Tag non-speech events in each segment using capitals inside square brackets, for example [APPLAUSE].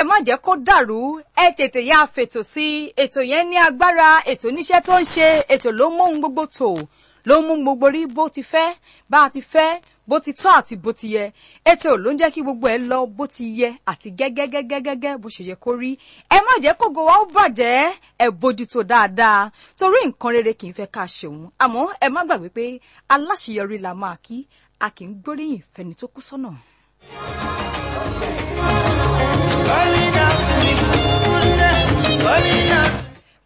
ẹ má jẹ́ kó dàrú ẹ tètè yá fètò sí ètò yẹn ní agbára ètò oníṣẹ́ tó ń ṣe ètò ló mú ohun gbogbo tò ló mú gbogbo rí bó ti fẹ́ bá a ti fẹ́ bó ti tọ́ àti bó ti yẹ ètò ló ń jẹ́ kí gbogbo ẹ lọ bó ti yẹ àti gẹ́gẹ́gẹ́gẹ́gẹ́ bó ṣe yẹ kó rí ẹ má jẹ́ kógo wa ó bàjẹ́ ẹ bójútó dáadáa torí nǹkan rere kì í fẹ́ ká ṣeun àmọ́ ẹ má gbàgbé pé aláṣeyọrí la máa kí a kì í gbóríyìn fẹni tó kú sọ́nà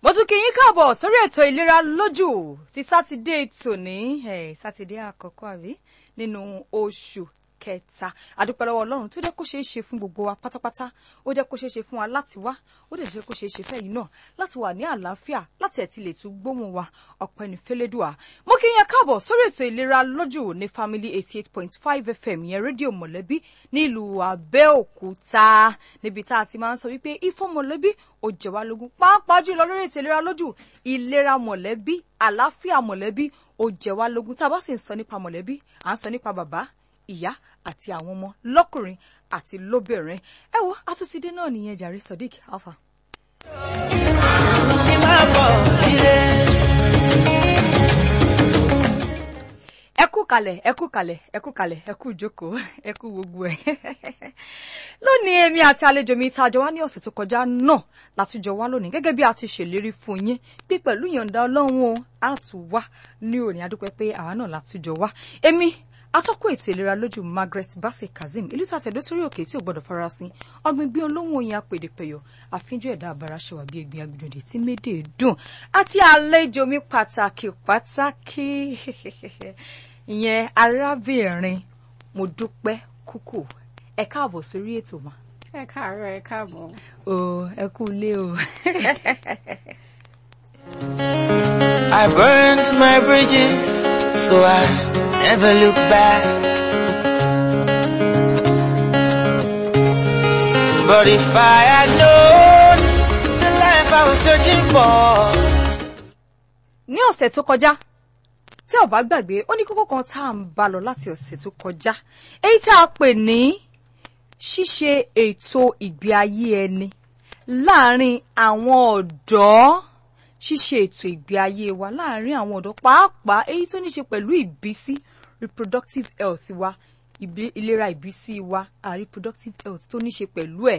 mo tún kí yín káàbọ̀ sórí ètò ìlera lójú ti sátidé tòní sátidé àkọ́kọ́ àbí nínú oṣù kẹta àdúpẹ́ lọ́wọ́ ọlọ́run tó jẹ́ kó ṣeé ṣe fún gbogbo wa pátápátá ó jẹ́ kó ṣeé ṣe fún wa láti wá ó dẹ̀ jẹ́ kó ṣeé ṣe fẹ́yìn náà láti wà ní àlàáfíà láti ẹ̀ ti lè tún gbóhùn wa ọpẹ́ ní fẹ́lẹ́dùà mo kí yẹn káàbọ̀ sórí ètò ìlera lójú ní family eighty eight point five fm yẹn rédíò mọ̀lẹ́bí nílùú àbẹ́òkúta níbi tá a ti máa ń sọ wípé ifọ̀ mọ̀lẹ́bí ó jẹ wá lógún pàápàá jùlọ lórí ètò ìlera lójú ìlera mọ̀lẹ́bí àlàáfíà mọ̀lẹ́bí ó jẹ wá lógún tá a bá sì ń sọ nípa mọ̀lẹ́bí à ń sọ nípa bàbá ìyá àti àwọn ọmọ lọ́kùnrin àti lóbìnrin ẹ wo àtúnṣídé náà nìyẹn jàre Sodiq Alfa. ẹ kú kalẹ̀ ẹ kú kalẹ̀ ẹ kú kalẹ̀ ẹ kú jókòó ẹ gbogbo ẹ̀ [LAUGHS] lónìí èmi àti àlejò mi tá a jọ wá ní ọ̀sẹ̀ tó kọjá náà látúnjọ wá lónìí gẹ́gẹ́ bí a ti ṣèlérí fún yín bí pẹ̀lú ìyọ̀ǹda ọlọ́run o a tún ní òní adúpẹ́ pé àwa náà látúnjọ wá èmi atọ́kùn ètò ìlera lójú Margaret Bassey Kazeem ìlú tí a tẹ̀dó sórí òkè tí ò gbọ́dọ̀ farasin ọgbìn gbé olóhùn oyin apèdèpẹ̀yọ̀ àfínjú ẹ̀dá abara ṣẹwà bí egbin agbèjòdè tí méde dùn àti àlejò mi pàtàkì pàtàkì ìyẹn arábìnrin mo dúpẹ́ kúkú ẹ káàbọ̀ sórí ètò mà. ẹ káàárọ̀ ẹ káàbọ̀. o ẹ kú ilé o. [LAUGHS] I burned my bridges, so I never look back. But if I had known the life I was searching for. Ní ọ̀sẹ̀ tó kọjá, tí ò bá gbàgbé, ó ní kókó kan tá à ń bá lọ láti ọ̀sẹ̀ tó kọjá. Èyí tá a pè ní ṣíṣe ètò ìgbé ayé ẹni láàárín àwọn ọ̀dọ́ ṣíṣe ètò ìgbé ayé wa láàárín àwọn ọ̀dọ́ pàápàá èyí tó ní ṣe pẹ̀lú ìbísí reproductive health wa ìlera ìbísí wa reproductive health tó ní ṣe pẹ̀lú ẹ̀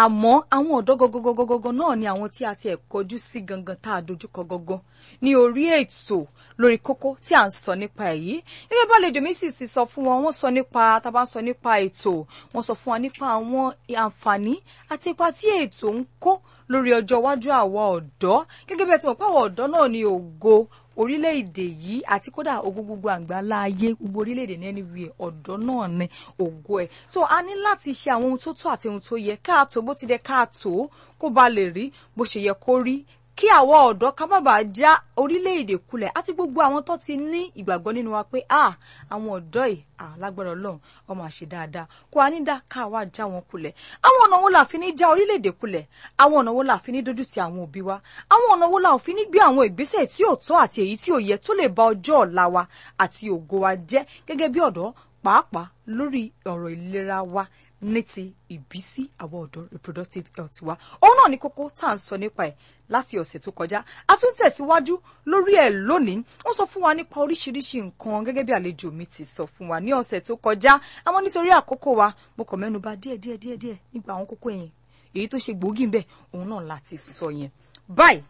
àmọ́ àwọn ọ̀dọ́ gọgọgọgọgọ náà ni àwọn tí a ti ẹ̀ kọjú sí gangan tá a dojúkọ gangan ní orí ètò lórí kókó tí à ń sọ nípa èyí gẹ́gẹ́ bá lejò mi sì sì sọ fún wọn wọ́n sọ nípa tàbá sọ nípa ètò wọ́n sọ fún wa nípa àwọn àǹfààní àti ipa tí ètò ń kó lórí ọjọ́ iwájú àwa ọ̀dọ́ gẹ́gẹ́ bí ẹ ti mọ̀ pé àwọn ọ̀dọ́ náà ni ògo orílẹ̀-èdè yìí àti kódà ogun gbogbo àgbáńlá ayé gbogbo orílẹ̀-èdè ní anywhere ọ̀dọ́ náà ni ògo ẹ̀ so a ní láti ṣe àwọn ohun tó tọ́ àti ohun tó yẹ káàtó bó ti dẹ káàtó kó ba lè rí bó ṣe yẹ kó rí kí àwọn ọ̀dọ́ ká má bàa já orílẹ̀-èdè kulẹ̀ àti gbogbo àwọn tó ti ní ìgbàgbọ́ nínú wa pé à ah, àwọn ọ̀dọ́ yìí à ah, lágbára ọlọ́run ọmọ àṣẹ dáadáa kó a ní dá ká wá já wọn kulẹ̀ àwọn ọ̀nà wo la fi ní já orílẹ̀-èdè kulẹ̀ àwọn ọ̀nà wo la fi ní dojú ti àwọn òbí wa àwọn ọ̀nà wo la fi ní gbé àwọn ìgbésẹ̀ tí ò tọ́ àti èyí tí ò yẹ tó lè ba ọjọ́ ọ̀la wa àti ògo wa jẹ́ gẹ́gẹ́ bí ọ̀dọ́ pàápàá lórí ọ̀rọ̀ ìlera wa ní ti ìbísí àwọn ọ̀dọ́ reproductive health wa òun náà ní kókó tá à ń sọ nípa ẹ̀ láti ọ̀sẹ̀ tó kọjá a tún tẹ̀síwájú lórí ẹ̀ lónìí wọ́n sọ fún wa nípa oríṣiríṣi nǹkan gẹ́gẹ́ bí àlejò mi ti sọ fún wa ní ọ̀sẹ̀ tó kọjá àmọ́ nítorí àkókò wa mo kàn mẹ́nuba díẹ̀ díẹ̀ díẹ̀ díẹ̀ nípa àwọn kókó yẹn èyí tó ṣe gbòógì ń òun náà láti sọ yẹn báyìí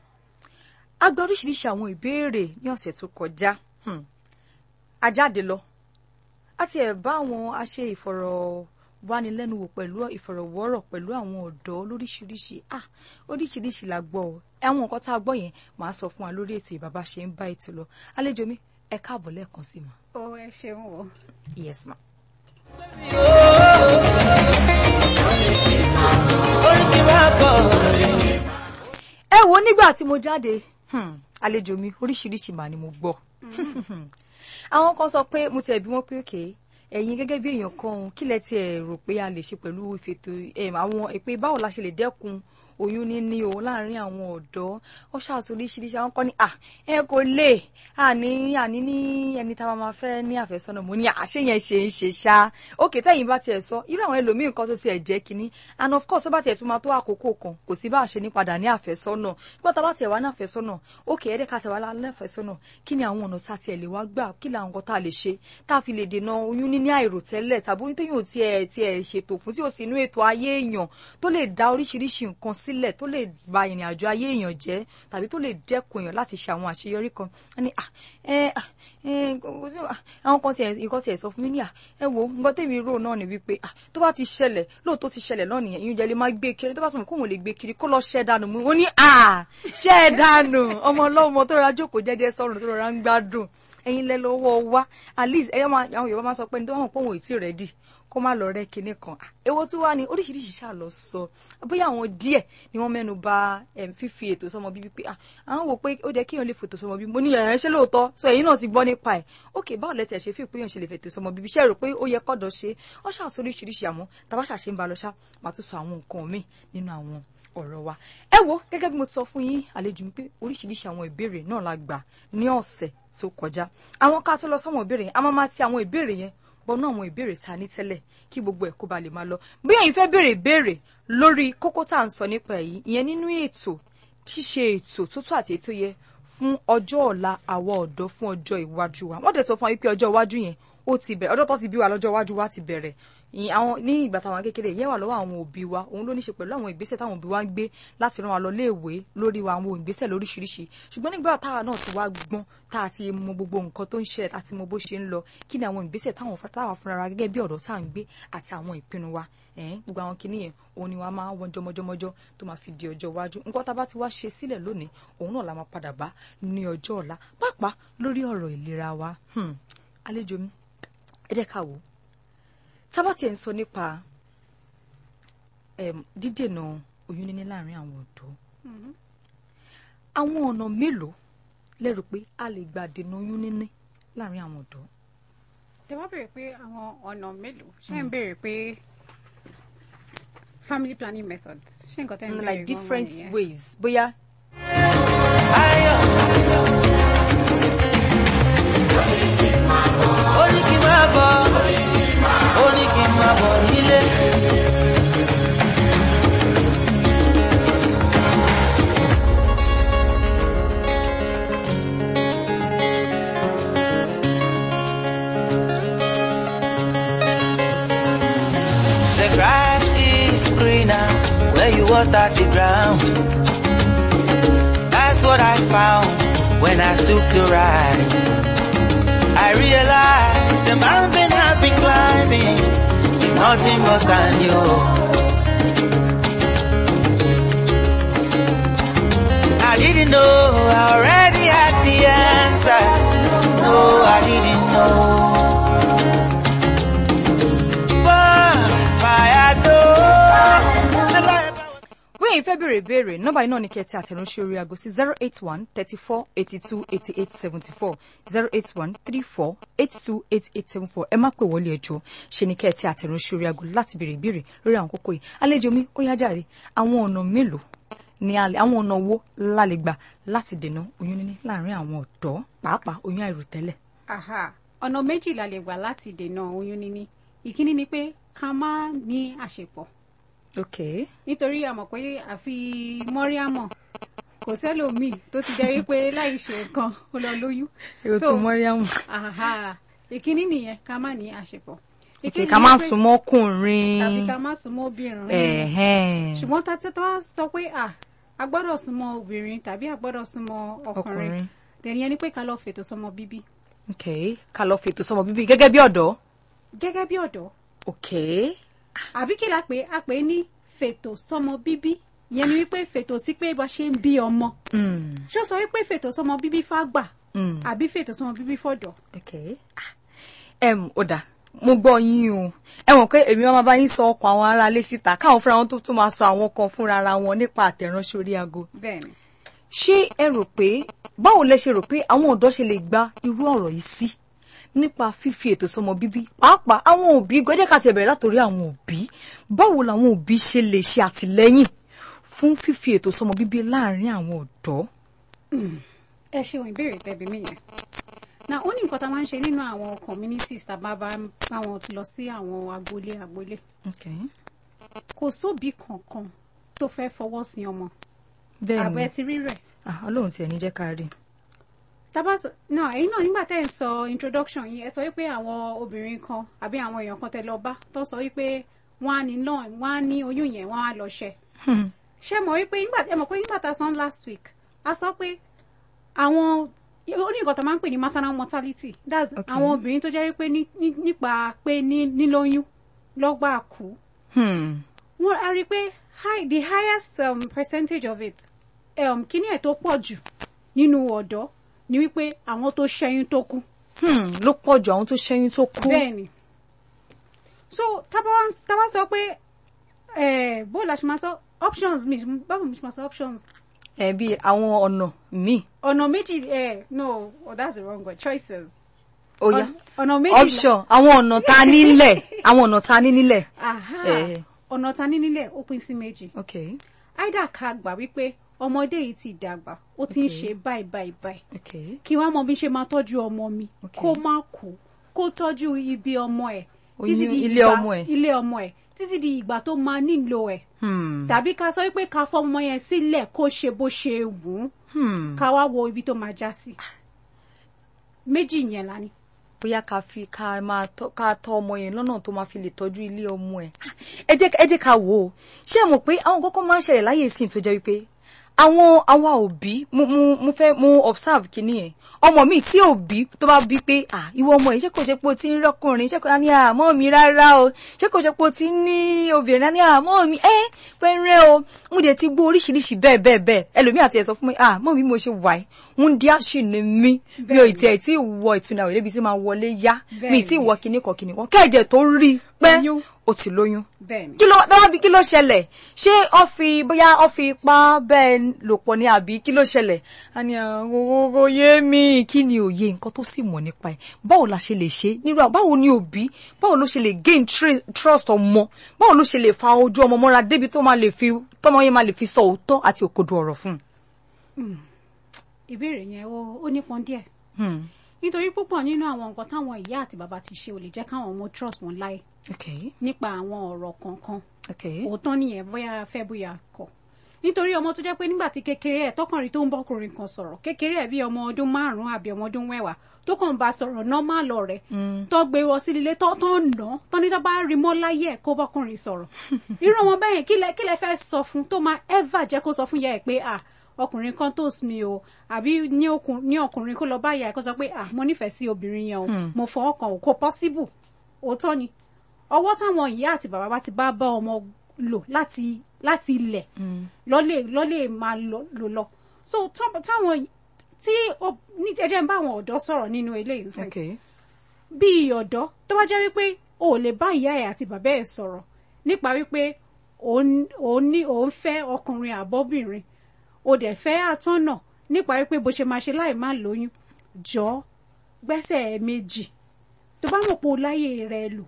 a gba wánilẹ́nuwò pẹ̀lú ìfọ̀rọ̀wọ́rọ̀ pẹ̀lú àwọn ọ̀dọ́ lóríṣiríṣi ah oríṣiríṣi la gbọ́ ọ àwọn nǹkan tá a gbọ́ yẹn màá sọ fún wa lórí ètò ìbàbá ṣe ń bá ètò lọ àlejò mi ẹ káàbọ̀ lẹ́ẹ̀kan sí ma. ó ẹ ṣeun o. yes ma. ẹ wo nígbà tí mo jáde hmm, àlejò mi oríṣiríṣi mà ni mo gbọ́ mm-hmm. [LAUGHS] àwọn kan sọ pé mo tẹ̀ bí wọ́n pé òkè. Okay ẹ̀yin gẹ́gẹ́ bí èèyàn kan kí lẹ tiẹ̀ rò pé a lè ṣe pẹ̀lú ìfètò àwọn ìpè báwo la ṣe lè dẹ́kun oyún níní o láàrin àwọn ọ̀dọ́ ó ṣàṣù oríṣiríṣi àwọn kan ní à ẹ kò lè àní àní ní ẹni tá a máa fẹ́ ní àfẹ́sọ́nà mo ní àṣẹ yẹn ṣe ń ṣe ṣá òkè tẹ́yìn bá tiẹ̀ sọ irú àwọn ẹlòmíín kan tó tiẹ̀ jẹ́ kínní and of course ó bá tiẹ̀ tún máa tó àkókò kan kò sí bá a ṣe ní padà ní àfẹ́sọ́nà nígbà tá a bá tiẹ̀ wá ní àfẹ́sọ́nà òkè ẹ̀ẹ́dẹ́ ká tiẹ̀ wá kí ni àwọn ọ̀nà tá a tiẹ̀ lè wá gbà kí sílẹ̀ tó lè ba ìrìn àjò ayé èèyàn jẹ́ tàbí tó lè dẹ́kun èèyàn láti ṣe àwọn àṣeyọrí kan wọ́n ní àwọn kan tiẹ̀ nǹkan tiẹ̀ sọ fún mi ní à ẹ wo nǹkan tèmi rò náà ni wípé tó bá ti ṣẹlẹ̀ lóòótọ́ ti ṣẹlẹ̀ náà nìyẹn ìyúnjẹ lè má gbé kiri tó bá tún kóun lè gbé kiri kó lọ ṣẹ́ dànù mú un ní à ṣẹ́ dànù ọmọ ọlọ́mọ tó rọra jókòó jẹ́jẹ́ sọ́run tó rọra ń wa at least ẹ̀yọ́ àwọn Yorùbá máa sọ pé ní tó bá mọ̀ pé òun ò tí ì rẹ́dì kó má lọ rẹ kinní kan ah, èwo tí wàá ní oríṣiríṣi ṣáà lọ sọ bóyá àwọn díẹ̀ ni wọ́n mẹ́nu bà fífi ètò sọmọ bíbí pé ah, àwọn wò pé ó jẹ́ kéèyàn lè fètò sọmọ bíbí mo ní ẹ̀rẹ́ ṣé lóòótọ́ so èyí náà ti gbọ́ nípa ẹ̀ ok báwo lẹ tẹ̀ ṣe fi ìpéyàn ṣe lè fètò sọmọ bíbí ṣe rò pé ó yẹ kọ́dọ̀ ṣe ó ṣàṣọ oríṣiríṣi àmọ́ tàbá ṣàṣe ń ba lọ ṣá màá tún sọ àwọn nǹkan míì nínú àwọn ọ̀rọ̀ wa. ẹ wo gẹ́gẹ́ bí mo ti sọ fún yín àlejò mi pé oríṣiríṣi àwọn ìbéèrè náà la gbà ní ọ̀sẹ̀ tó kọjá àwọn ká tó lọ sọ́wọ́n ìbéèrè yẹn a máa máa ti àwọn ìbéèrè yẹn gbọ́nú àwọn ìbéèrè ta ní tẹ́lẹ̀ kí gbogbo ẹ̀ kó ba lè máa lọ bí ẹ̀yin fẹ́ béèrè ìbéèrè lórí kókó tá à ń sọ nípa èyí ìyẹn nínú ètò ṣíṣe ètò tó tó àti ètò yẹ fún ọjọ́ ọ̀la àwa ọ̀dọ́ fún ọjọ́ iwájú wa wọ́n dẹ̀ sọ fún wa wípé ọjọ́ iwájú yẹn ó ti bẹ̀rẹ̀ ọjọ́ tó ti bí wa lọ́jọ́ iwájú wa ti bẹ̀rẹ̀ àwọn ní ìgbà táwọn kékeré yẹn wà lọ́wọ́ àwọn òbí wa òun ló ní ṣe pẹ̀lú àwọn ìgbésẹ̀ táwọn òbí wa ń gbé láti rán wa lọ léèwé lórí wa àwọn ìgbésẹ̀ lóríṣiríṣi ṣùgbọ́n nígbà táwa náà ti wá gbọ́n tá a ti mọ gbogbo nǹkan tó ń ṣẹlẹ̀ àti mọ bó ṣe ń lọ kí ni àwọn ìgbésẹ̀ táwọn fúnra ra gẹ́gẹ́ bí ọ̀dọ́ tá à ń gbé àti àwọn ìpinnu wa gbogbo àwọn kinní yẹn òun ni wàá máa wọn jọmọjọmọjọ tó máa fi di ọjọ́ iwájú nǹkan tá a bá ti wá ṣe sílẹ̀ lónìí òun náà la máa padà bá ní ọjọ́ ọ̀la pàápàá lórí ọ̀rọ̀ ìlera wa hmm, àlejò mi ẹ jẹ́ ká wò ó tábà tiẹ̀ ń sọ nípa dídènà oyún níní láàrin àwọn ọ̀dọ́ mm-hmm. àwọn ọ̀nà mélòó lẹ́rù pé a lè gbà dènà oyún níní láàrin àwọn ọ̀dọ́. tẹ́ béèrè pé àwọn ọ̀nà mélòó ṣé ń mm. béèrè pé family planning methods ṣé nǹkan tẹ́ ń mm, béèrè like different ways bóyá. ayọ̀ ayọ̀ orí kì water the ground. That's what I found when I took the ride. I realized the mountain I've been climbing nothing but concern you. I didn't know, I already had the answers. No, I didn't know. fẹ́ béèrè béèrè nọ́mbà yìí náà ni kẹtẹ àtẹ̀ránṣẹ́ orí aago sí zero eight one thirty four eighty two eighty eight seventy four zero eight one three four eighty two eighty eight seventy four ẹ má pè wọlé ẹjọ́ ṣe ni kẹtẹ àtẹ̀ránṣẹ́ orí aago láti béèrè béèrè lórí àwọn kókó yìí àlejò mi ó yá jàre àwọn ọ̀nà mélòó ni àwọn ọ̀nà wo la lè gbà láti dènà oyún níní láàárín àwọn ọ̀dọ́ pàápàá oyún àìròtẹ́lẹ̀. aha ọ̀nà méjì la lè gbà láti dènà oyún níní ìkíní ni pé ká má ní àṣepọ̀ nítorí a mọ̀ pé àfi mọ́ríàmọ̀ kò sẹ́lòmíì tó ti jẹ́ wípé láì ṣe nǹkan ó lọ lóyún. èrò tí mọ́ríàmọ̀. ìkíní nìyẹn ká má ní àṣepọ̀ ìkéde ká má sún mọ́ ọkùnrin tàbí ká má sún mọ́ obìnrin ṣùgbọ́n tàbí tó sọ pé a gbọ́dọ̀ sún mọ́ obìnrin tàbí a gbọ́dọ̀ sún mọ́ ọkùnrin tẹ̀lé ẹni pé ká lọ fètò sọmọ bíbí. ok ká lọ fètò sọmọ bíbí gẹ́gẹ́ bí ọ̀dọ́. gẹ́gẹ́ bí ọ̀dọ́. ok àbí kí la pè á pè ní fètò sọmọ bíbí yẹn ni wípé fètò sí pé bá ṣe ń bí ọmọ mm. ṣó sọ wípé fètò sọmọ bíbí fágbà mm. àbí fètò sọmọ bíbí fọ̀dọ̀. Ah, ó dáa mo gbọ́ yín o ẹ mọ̀ pé èmi máa bá yín sọ ọkọ̀ àwọn aráalé síta káwọn fúnra wọn tó tún máa sọ àwọn kan fúnra ara wọn nípa àtẹ̀ránṣẹ́ orí aago. ṣé ẹ rò pé báwo lẹ ṣe rò pé àwọn ọ̀dọ́ ṣe lè gba irú ọ̀rọ̀ yìí sí? nípa fífi ètò sọmọ bíbí pàápàá àwọn òbí gbọ́dọ̀ ká ti bẹ̀rẹ̀ látòrí àwọn òbí báwo làwọn òbí ṣe lè ṣe àtìlẹ́yìn fún fífi ètò sọmọ bíbí láàrin àwọn ọ̀dọ́. ẹ ṣeun ìbéèrè tẹ̀bí mi yẹn na ó ní nǹkan tá a máa ń ṣe nínú àwọn communities tá a bá bá wọn lọ sí àwọn agboolé agboolé kò sóbì kankan tó fẹ́ fọwọ́ sí ọmọ àbẹ̀ ti rí rẹ̀. Ah, ọlọ́run tiẹ̀ ní jẹ́ ká rí i tabas no. ẹ̀yin náà nígbà tẹ́ ẹ̀ sọ introduction yìí ẹ sọ wípé àwọn obìnrin kan àbí àwọn èèyàn kan tẹ́ lọ bá tó sọ wípé wọ́n á ní náà wọ́n á ní oyún yẹn wọ́n á lọ ṣẹ. Hmm. ṣé mọ̀ wípé nígbà ẹ mọ̀ pé nígbà tá a sọ last week a sọ pé àwọn ó ní nǹkan tó máa ń pè ní maternal mortality that's àwọn obìnrin tó jẹ́ wípé nípa pé nílóyún lọ́gbà kú. Hmm. wọ́n á rí i pé the highest um, percentage of it um, kíní ẹ̀ tó pọ̀ jù nínú ọ̀dọ́ ni wípé àwọn tó ṣẹ́yún tó kú. Hmm, ló pọ̀ jù àwọn tó ṣẹ́yún tó kú. bẹ́ẹ̀ni so tábà sọ pé bó la ṣe máa sọ options mi báwo mi ṣe máa sọ options. ẹ bí àwọn ọ̀nà míì. ọ̀nà méjì no oh, that's the wrong word choices oya ọ̀nà méjìlá option àwọn ọ̀nà ta ní nílẹ̀ àwọn ọ̀nà ta ní nílẹ̀. ọ̀nà ta ní nílẹ̀ ó pín sí méjì. either ká gbà wípé ọmọdé yìí ti dàgbà ó ti ń ṣe báyìí báyìí báyìí kí wàá mọ bí ṣe máa tọ́jú ọmọ mi kó má kú kó tọ́jú ibi ọmọ ẹ̀ títí di ìgbà ilé ọmọ ẹ̀ títí di ìgbà tó máa nílò ẹ̀ hmm. tàbí ká sọ pé ká fọmọ yẹn sílẹ̀ kó ṣe bó ṣe wù ú hmm. ká wá wo ibi tó máa já sí méjì yẹn la ni bóyá ká fi ká máa ká tọ́ ọmọ yẹn lọ́nà tó máa fi lè tọ́jú ilé ọmọ ẹ̀ ah, ẹ jẹ́ ká wò ó ṣé ẹ mọ̀ pé àwọn kọ́kọ́ máa ń ṣẹlẹ̀ láyé ìsìn tó wípé àwọn àwa òbí mo mo mo fẹ́ mo observe kinní yẹn ọmọ mi tí òbí tó bá bí pé à ìwọ ọmọ yìí ṣé kò ṣe pé o ti ń rọkùnrin ṣé kò ní àmọ́ mi rárá o ṣé kò ṣe pé o ti ní obìnrin ní àmọ́ mi ẹ fẹ́rẹ́ o mo dẹ̀ ti gbọ́ oríṣiríṣi bẹ́ẹ̀ bẹ́ẹ̀ bẹ́ẹ̀ ẹlòmíì àti ẹ̀ sọ fún mi à mọ́ mi mo ṣe wà ẹ́ ń di àṣì ni mí mi ò tiẹ̀ tí ì wọ ìtúnà òde ibi tí máa wọlé yá mi ì tí ì wọ kinní kọ̀ọ̀kinní wọn kẹ́ẹ̀jẹ̀ tó rí pé o ti lóyún. bẹ́ẹ̀ni kí ló dábàá bí kí ló ṣẹlẹ̀ ṣé ọ fi bóyá ọ fi ipá bẹ́ẹ̀ lò pọ̀ ní àbí kí ló ṣẹlẹ̀ a ní àwòrò yé mi kí ni òye nǹkan tó sì mọ̀ nípa ẹ̀ báwo la ṣe lè ṣe nírú àwọn ni òbí báwo ló ṣe lè gain trust ọmọ báwo ló ṣe lè fa ojú ọmọ mọ́ra débi tó máa lè fi tọ́mọ yẹn máa lè fi sọ òótọ́ àti òkodo ọ̀rọ̀ fún hmm. ìbéèrè yẹn ó nípọn díẹ̀ hmm nítorí púpọ̀ nínú àwọn nǹkan táwọn ìyá àti bàbá ti ṣe ò lè jẹ́ káwọn ọmọ trust wọn láì nípa àwọn ọ̀rọ̀ kankan òótọ́ nìyẹn bóyá fẹ́ bóyá kọ̀ nítorí ọmọ tó jẹ́ pé nígbà tí kékeré ẹ̀ tọkànrin tó ń bọ́kùnrin kan sọ̀rọ̀ kékeré ẹ̀ bí ọmọ ọdún márùn-ún àbí ọmọ ọdún mẹ́wàá tó kàn bá sọ̀rọ̀ nọ́mà mm. lọ tó gbé wọ sí ilé tó tó ń nà tó ní tó bá rí mọ́ láyé ẹ̀ kó bọ́kùnrin sọ̀rọ̀ [LAUGHS] irú ọmọ bẹ́yẹn kílẹ̀ kílẹ̀ fẹ́ sọ fún tó máa ever jẹ́ kó sọ fún yẹ ẹ̀ pé ah ọkùnrin kan tó mi o àbí ní ọkùnrin kó lọ bá ìyá ẹ̀ kó sọ pé ah mo nífẹ̀ẹ́ sí obìnrin yẹn o hmm. mo fọwọ́ kan o kò pọ́síbù òótọ́ ni ọwọ́ táwọn ìyá àti bàbá bá ti bá bá ọmọ lò láti ilẹ̀ hmm. lọ́lẹ̀ máa lò lọ so táwọn tí ẹ jẹ́ ń bá àwọn ọ̀dọ́ sọ̀rọ̀ nínú eléyìí bíi ọ̀dọ́ tó bá jẹ́ wípé o ò lè bá ìyá ẹ̀ àti bàbá ẹ̀ sọ̀rọ̀ nípa wípé òun ní òun fẹ́ ọkùnrin àbọ́bìnrin o dẹ̀ fẹ́ àtọ́nà nípa wípé bó ṣe máa ṣe láì má lóyún jọ gbẹ́sẹ̀ méjì tó bá mọ̀ pé o láyè rẹ lò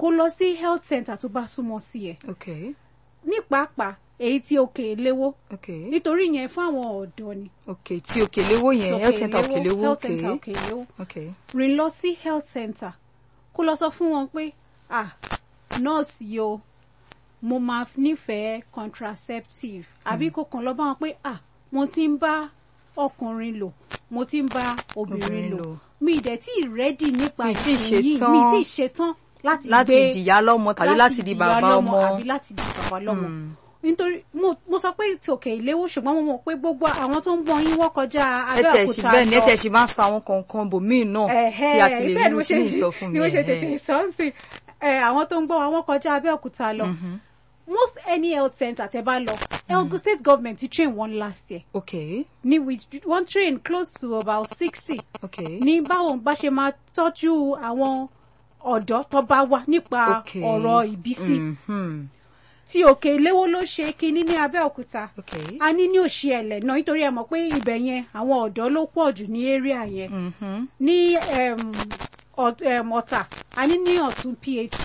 kó lọ sí health center tó bá súnmọ́ sí ẹ. Okay. ní pàápàá èyí tí òkè léwó nítorí yẹn fún àwọn ọ̀dọ́ ni. ok tí òkè léwó yẹn health center òkè léwó health center òkè rìn lọ sí health center kó lọ sọ fún wọn pé ah nọ́ọ̀sì yìí o mo máa nífẹ̀ẹ́ contraceptive àbí hmm. kò kàn lọ bá wọn pé ah mo ti ń bá ọkùnrin lò mo ti ń bá obìnrin lò mi dẹ̀ tí ì nípa ìsìn mi tí ì ṣetán láti gbé láti dìyá lọ́mọ tàbí láti di bàbá ọmọ àbí láti di bàbá lọ́mọ hmm. nítorí mo sọ pé òkè ìléwó ṣùgbọ́n mo mọ̀ pé gbogbo àwọn tó ń gbọ́ yín wọ́n kọjá abẹ́òkúta lọ. ẹtẹ̀ ṣì bẹ́ẹ̀ ni ẹtẹ̀ ṣì máa ń sọ àwọn kọ̀ọ̀kan bòmíì náà tí a ti lè mú kí n sọ àwọn tó ń gbọ́ wọn kọjá abẹ́òkúta lọ. Mm-hmm most any health center tẹ́ bá lọ mm. Ogun state government ti train one last year. okay. ni we one train close to about sixty. okay. Ni ba ní báwọn bá ṣe máa tọ́jú àwọn ọ̀dọ́ tó bá wà nípa ọ̀rọ̀ ìbísí. Mm-hmm. ti òkè lo ló ṣe ni ní Abẹ́òkúta. okay. a ni ní òṣì ẹ̀lẹ̀ náà nítorí e mọ̀ pé ibẹ̀ yẹn àwọn ọ̀dọ́ ló pọ̀ jù ní area yẹn. Mm-hmm. ní ọ̀tà a ni ní ọ̀tún PHC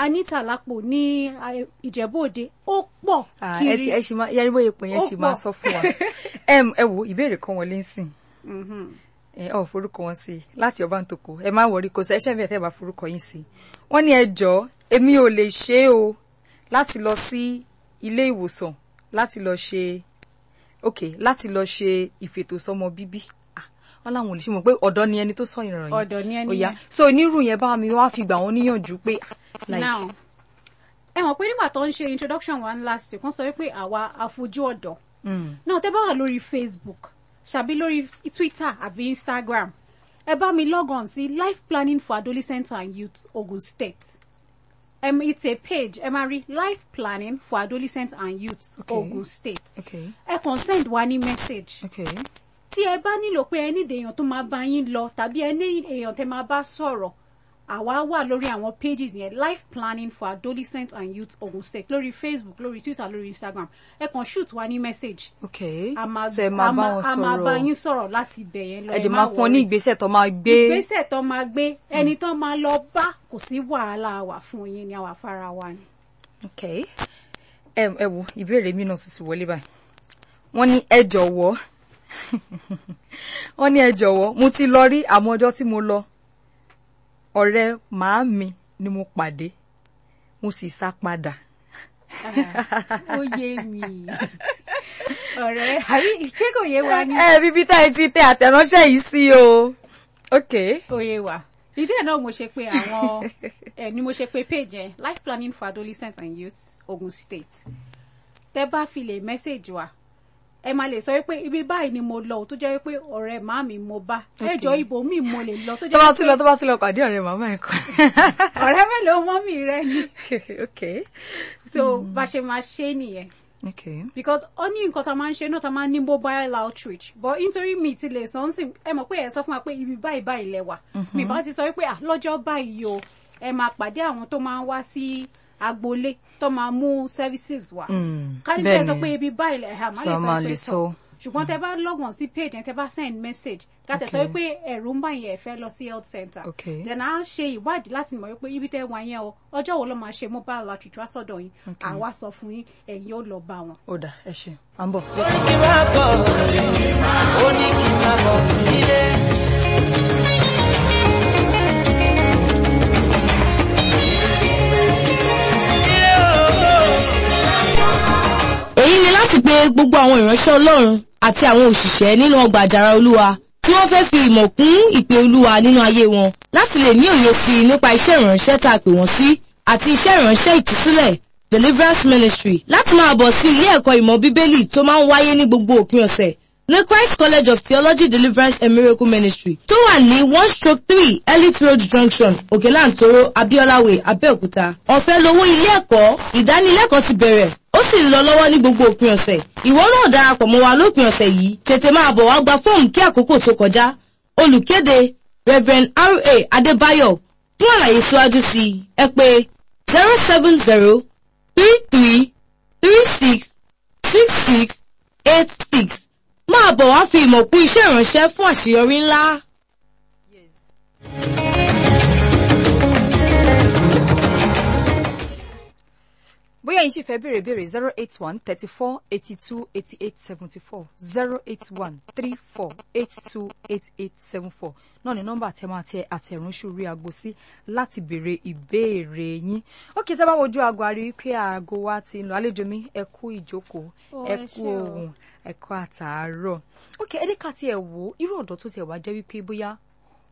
anita lapo ní ìjẹ́bú-òde ó pọ̀ kiri ẹ ṣì máa yẹrí bóyá ipò yẹn ṣì máa sọ fún wa [LAUGHS] ẹ wo ìbéèrè kan wọlé ń sìn mm-hmm. ẹ ọ forúkọ wọn sí i láti Ọbántòkò ẹ má wọrí kò sí ẹṣẹ bẹ́ẹ̀ tẹ bá forúkọ yín sí i wọ́n ní ẹ èmi ò lè ṣe é o láti lọ sí ilé ìwòsàn láti lọ ṣe ok láti lọ ṣe ìfètòsọ́mọ bíbí wọn làwọn olùṣe mọ̀ pé ọ̀dọ́ ni ẹni tó sọ ìrọ̀rùn yẹn ọ̀dọ́ ni ẹni yẹn so onírú yẹn bá mi wá fi gbà wọn níyànjú pé now ẹ mọ̀ pé nígbà tó ń ṣe introduction wa last week wọ́n sọ wípé àwa àfojú ọ̀dọ́ hmm. náà tẹ́ bá wà lórí Facebook ṣàbí lórí Twitter àbí Instagram ẹ bá mi log on sí life planning for adolescents and youth Ogun State um, it's a page ẹ máa life planning for adolescents and youths okay. Ogun State ẹ okay. consent wa ní message. Okay tí ẹ bá nílò pé ẹ nídìí èèyàn tó máa bá yín lọ tàbí ẹ ní èèyàn tẹ́ máa bá sọ̀rọ̀ àwa wà lórí àwọn pages yẹn life planning for adolescents and youth Ogun State lórí Facebook lórí Twitter lórí Instagram ẹ kàn shoot wa ní message. ok ṣe máa bá wọn sọ̀rọ̀ a máa bá yín sọ̀rọ̀ láti ibẹ̀ yẹn lọ ẹ má wọlé ẹ dì máa fún ọ ní ìgbésẹ̀ tó máa gbé. ẹni tó máa lọ bá kò sí wàhálà wà fún yín ni àwa fara wa ni. ok ẹ wo ìbéèrè mi náà ti ti wọlé báyìí wọ́n ní ẹ jọ̀wọ́ [LAUGHS] wọ́n ní ẹ jọ̀wọ́ mo ti lọ rí àmọ́ ọjọ́ tí mo lọ ọ̀rẹ́ màámi ni mo pàdé mo sì sá padà. Ah, ó yé mi ọ̀rẹ́ àbí ìkékòó yé wa ni. [LAUGHS] ẹ bíbí tá ẹ ti tẹ àtẹ̀ránṣẹ́ yìí sí o. ok. kò wa ìdí ẹ̀ náà mo ṣe pé àwọn ẹ̀ ni mo ṣe pé page ẹ̀ life planning for adolescents and youths Ogun State tẹ́ bá fi lè mẹ́sẹ̀jì wa ẹ máa lè sọ wípé ibi báyìí ni mo lọ tó jẹ́ wípé ọ̀rẹ́ màá mi mo bá ẹjọ́ ibo mi mo lè lọ tó jẹ́ wípé. tó bá ti lọ tó bá ti pàdé ọ̀rẹ́ màmá ẹ̀ kọ́. [LAUGHS] ọ̀rẹ́ mélòó mọ́ mi rẹ ni. ok. so hmm. bá ṣe máa ṣe nìyẹn. ok. because ó ní nǹkan tá a máa ń ṣe náà tá a máa ní mobile outreach but nítorí mi ti lè sọ ń sìn ẹ mọ̀ pé ẹ sọ fún wa pé ibi báyìí báyìí lẹ wà. mi mm-hmm. bá ti sọ wípé lọ́jọ́ báyìí o ẹ máa pàdé àwọn tó máa ń wá sí agboolé tó máa mú services wá mm, kárí sọ pé ibi báyìí lè sọ pé tọ̀ ṣùgbọ́n tẹ bá lọ́gàn sí page yẹn tẹ bá send message kátẹ sọ pé ẹ̀rù ń bà yẹn fẹ́ lọ sí health center then a ṣe ìwádìí láti mọ̀ pé ibi tẹ wà yẹn o ọjọ́ wo ló máa ṣe mobile outreach wá sọ̀dọ̀ yín àwa sọ fún yín ẹ̀yin ó lọ bá wọn. ó dà ẹ ṣe à ń bọ̀. ó máa bọ̀ ó máa bọ̀ nílé. gbogbo àwọn ìránṣẹ́ Ọlọ́run àti àwọn òṣìṣẹ́ nínú ọgbà àjàrà Olúwa tí wọ́n fẹ́ fi ìmọ̀ kún ìpè Olúwa nínú ayé wọn láti lè ní òye sí i nípa iṣẹ́ ìránṣẹ́ tá a pè wọ́n sí àti iṣẹ́ ìránṣẹ́ ìtúsílẹ̀ Deliverance Ministry láti máa bọ̀ sí ilé ẹ̀kọ́ ìmọ̀ Bíbélì tó máa ń wáyé ní gbogbo òpin ọ̀sẹ̀ ní Christ College of Theology Deliverance and Miracle Ministry tó wà ní one stroke three Elite Road Junction Òkèlàntòrò Abiolawe Abẹ́òkúta ọ̀fẹ́ lowó ilé ẹ̀kọ́ ìdánilẹ́kọ̀ọ́ ti bẹ̀rẹ̀ ó sì ń lọ lọ́wọ́ ní gbogbo òpin ọ̀sẹ̀ ìwọ náà darapọ̀ mọ́ wa lópin ọ̀sẹ̀ yìí tètè máa bọ̀ wá gba fọ́ọ̀mù kí àkókò tó kọjá olùkéde rev ra adébáyọ̀ fún àlàyé síwájú sí i ẹ pè zero seven zero three three three six six six eight six máa bọ̀ wá fi ìmọ̀ kún iṣẹ́ ìránṣẹ́ fún àṣeyọrí ńlá. Yes. tẹ́yìn sì fẹ́ béèrè béèrè zero eight one thirty four eighty two eighty eight seventy four zero eight one three four eight two eight eight seven four náà ni nọ́mbà tẹ́ máa tẹ àtẹ̀ránṣẹ́ orí aago sí láti béèrè ìbéèrè yín ó kì í sábà wojú aago àrí pé aago wa ti ń lọ àlejò mi ẹ kú ìjókòó oh, ẹ kú ohun àtàárọ̀ ó kì tí ẹ wò irú ọ̀dọ́ tó tiẹ̀ wá jẹ́ wípé bóyá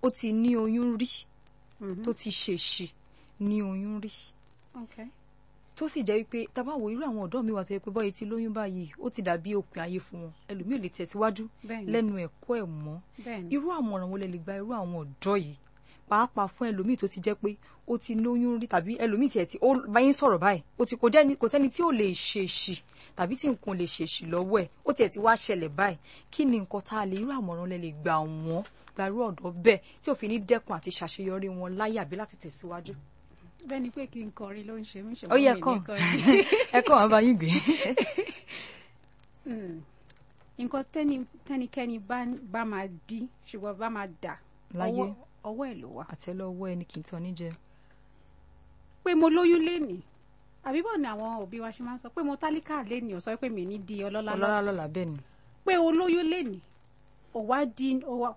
ó ti ní oyún rí mm-hmm. tó ti ṣèṣì ní oyún rí tó sì jẹ́ wípé tábà wo irú àwọn ọ̀dọ́ mi wà tó yẹ pé bọ́yìí ti lóyún báyìí ó ti dàbí òpin ayé fún wọn ẹlòmíì ò lè tẹ̀síwájú lẹ́nu ẹ̀kọ́ ẹ̀ mọ́ irú àmọ̀ràn wo lè lè gba irú àwọn ọ̀dọ́ yìí pàápàá fún ẹlòmíì tó ti jẹ́ pé ó ti lóyún rí tàbí ẹlòmíì tiẹ̀ tí ó báyìí sọ̀rọ̀ báyìí ó ti kò sẹ́ni tí ò lè ṣèṣì tàbí tí nǹkan lè ṣèṣì lọ́wọ́ ẹ̀ ó tiẹ̀ ti wá ṣẹlẹ̀ báyìí kí ni nǹkan tá a lè irú àmọ̀ràn lẹ lè gbà wọ́n gbarú ọ̀dọ́ bẹ́ẹ̀ tí òfin ní dẹ́kun àti ṣàṣeyọrí wọn láyé àbí láti tẹ̀síwájú bẹ́ẹ̀ ni pé kí n kọrin ló ń ṣe mí ṣe mọ́ mi ní kọrin. [LAUGHS] ẹ kọ́ wọn bá yín gbé. Hmm. nǹkan tẹ́nikẹ́ni bá máa dí ṣùgbọ́n bá máa dà ọwọ́ ẹ̀ ló wà. àtẹ́lẹ̀ ọwọ́ ẹni kì í tan níjẹ. pé mo lóyún lénìí àbí ni àwọn òbí wa ṣe máa ń sọ pé mo tálíkà lénìí ò sọ pé mi ní di ọlọ́lá lọ́la. ọlọ́lá lọ́la bẹ́ẹ̀ ni. pé olóyún lénìí ò wá di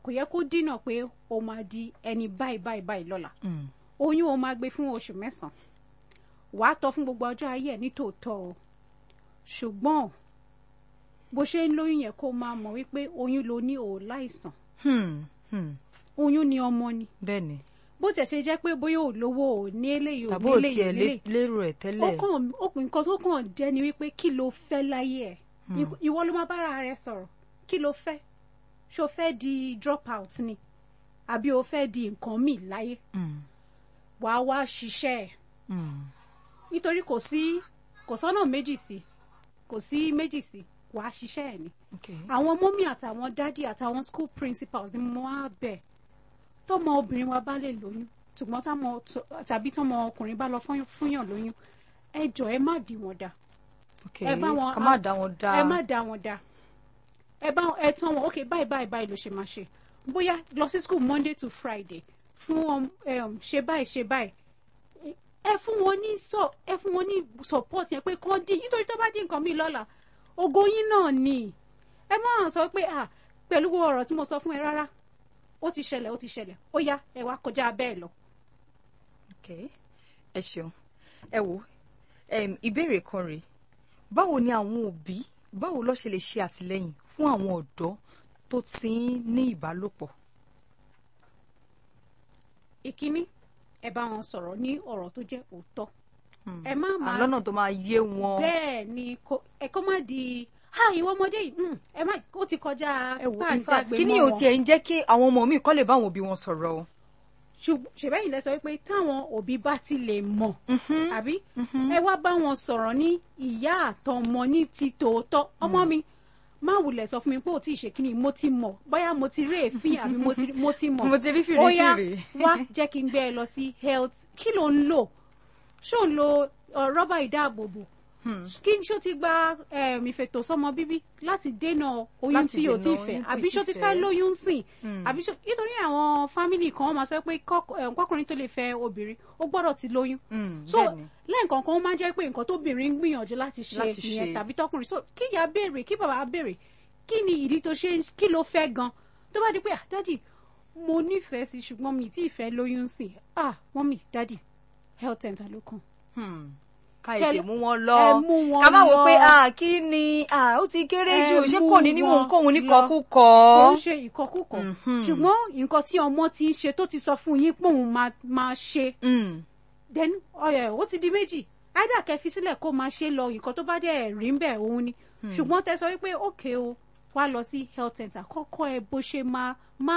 kò yẹ kó dínà pé o máa di ẹni báyìí báyìí báyìí lọ́la. Mm oyún o máa gbé fún oṣù mẹ́sàn-án wàá tọ́ fún gbogbo ọjọ́ ayé ẹ̀ nítòótọ́ o ṣùgbọ́n bó ṣe ń lóyún yẹn kó máa mọ̀ wípé oyún ló ní òun láìsàn hmm, hmm. oyún ni ọmọ ni bẹ́ẹ̀ni bó tẹ̀ ṣe jẹ́ pé bóyá ò lówó ò ní eléyìí ò ní eléyìí ò ní eléyìí lérò ẹ̀ tẹ́lẹ̀ nǹkan tó kàn jẹ́ ni wípé kí ló fẹ́ láyé ẹ̀ hmm. ìwọ ló fẹ́ di drop out ni àbí o fẹ́ di nǹkan míì láyé. Mm wàá wá ṣiṣẹ́ ẹ̀ hmm. nítorí kò sí kò sọ́nà méjì sí kò sí méjì sí wàá ṣiṣẹ́ ẹ̀ ni àwọn mọ́mí àtàwọn dádì àtàwọn school principals ni mo á bẹ̀ tọ́mọ obìnrin wa bá lè lóyún ṣùgbọ́n tàbí tọ́mọ ọkùnrin bá lọ fúnyàn lóyún ẹ jọ ẹ má dì wọ́n dá ẹ bá wọn ká má ẹ má dá wọn dá ẹ bá ẹ tán wọn ok báyìí báyìí báyìí ló ṣe máa ṣe bóyá lọ sí school monday to friday fún wọn um, ṣe báyìí ṣe báyìí ẹ fún wọn ní sọ ẹ fún wọn ní support yẹn pé kàn dín nítorí tó bá dín nǹkan mi lọ́la ògo yín náà ni ẹ má sọ pé à pẹ̀lú ọ̀rọ̀ tí mo sọ fún ẹ rárá ó ti ṣẹlẹ̀ ó ti ṣẹlẹ̀ ó yá ẹ wá kọjá bẹ́ẹ̀ lọ. ẹ ṣeun ẹ wo um, ìbéèrè kan rèé báwo ni àwọn òbí báwo ló ṣe lè ṣe àtìlẹ́yìn fún àwọn ọ̀dọ́ tó ti ń ní ìbálòpọ̀ ìkíní ẹ bá wọn sọ̀rọ̀ ní ọ̀rọ̀ tó jẹ́ òótọ́ hmm. ẹ má máa lọ́nà tó máa yé wọn. bẹ́ẹ̀ ni ẹ kọ́ má di ha ìwọ ọmọdé yìí hmm, ẹ má ó ti kọjá pàǹtí àgbẹ̀ mọ́ wọn. kí ni o tiẹ̀ ń jẹ́ kí àwọn ọmọ mi kọ́ lè bá àwọn òbí wọn sọ̀rọ̀ o. ṣèbẹ́ yìí lẹ sọ pé táwọn òbí bá ti lè mọ̀ mm-hmm, àbí mm-hmm. ẹ wá bá wọn sọ̀rọ̀ ní ìyá àtọmọ ní ti tòótọ́ ọmọ mi. Mm -hmm má wulẹ̀ sọ fún mi pé o ti ṣe kí ni mo ti mọ̀ bóyá mo ti rí èéfín àbí mo ti mọ̀ [LAUGHS] mo wá jẹ́ kí n gbé ẹ lọ sí health kí ló ń lò ṣó ń lo uh, rọ́bà ìdáàbòbò kí n ṣó ti gba ìfètòsọ́mọ bíbí láti dènà oyún tí o ti fẹ́ àbí ṣó ti fẹ́ lóyún sìn hmm. àbí ṣó nítorí àwọn fámìlì kan máa sọ pé kọkùnrin tó lè fẹ́ obìnrin ó gbọ́dọ̀ ti lóyún hmm, so lẹ́ẹ̀kọ̀ọ̀kan ó máa jẹ́ pé nǹkan tóbìnrin ń gbìyànjú láti ṣe ìyẹn tàbí tọkùnrin so kí ìyá béèrè kí bàbá béèrè kí ni ìdí tó ṣe kí ló fẹ́ gan tó bá di pé ah dádì mo nífẹ̀ẹ́ sí ṣùgbọ́n mi ì tí ì fẹ́ lóyún sìn ah mọ́mì dádì health center ló kàn. Hmm ká ètè mú wọn lọ ká má wò pé ah, kí ni ah, ó ti kéré jù ṣé kò ní ní òǹkóhun ní kọkúkọ. kò ń ṣe ìkọkúkọ mhm. ṣùgbọ́n nǹkan tí ọmọ ti ń ṣe tó ti sọ fún yín pòun máa ṣe mm. then ó ti di méjì áìdá kẹfí sílẹ̀ kó máa ṣe lọ nǹkan tó bá dẹ̀ rí ń bẹ̀ òun ni hmm. ṣùgbọ́n tẹ sọ wípé òkè o wá lọ sí health center kọ́kọ́ ẹ bó ṣe máa má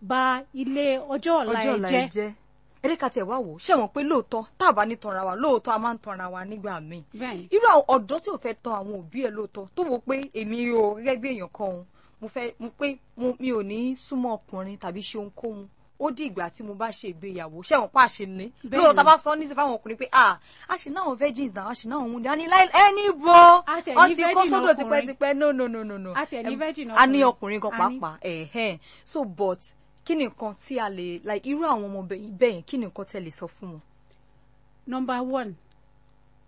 ba ilé ọjọ́ ọ̀la ẹ jẹ́ ẹ̀rí ka tiẹ̀ wá wò ṣẹ̀wọ̀n pé lóòótọ́ tá a bá ní tanra wa lóòótọ́ a máa ń tanra wa nígbà míì irú àwọn ọ̀dọ́ tí ò fẹ́ tan àwọn òbí ẹ̀ lóòótọ́ tó wo pé èmi o gẹ́gẹ́ èèyàn kan òun mo fẹ́ mo pé mi ò ní súnmọ́ ọkùnrin tàbí ṣe ohunkóhun ó di ìgbà tí mo bá ṣe ìgbéyàwó ṣẹ̀wọ̀n pa àṣẹ ni lóòótọ́ bá sọ ní sí fáwọn ọkùnrin pé ah a ṣe náà virgins náà a ṣe náà òun ni láì ẹni bo ọ ti kọ́ sódò tipẹ́tipẹ́ no no no no no àní ọkùnrin kan pàápàá ẹ̀hẹ́n so but kí ni nǹkan tí a lè like irú àwọn ọmọ bẹ́ẹ̀ kí ni nǹkan tẹ́ lè sọ fún wọn. number one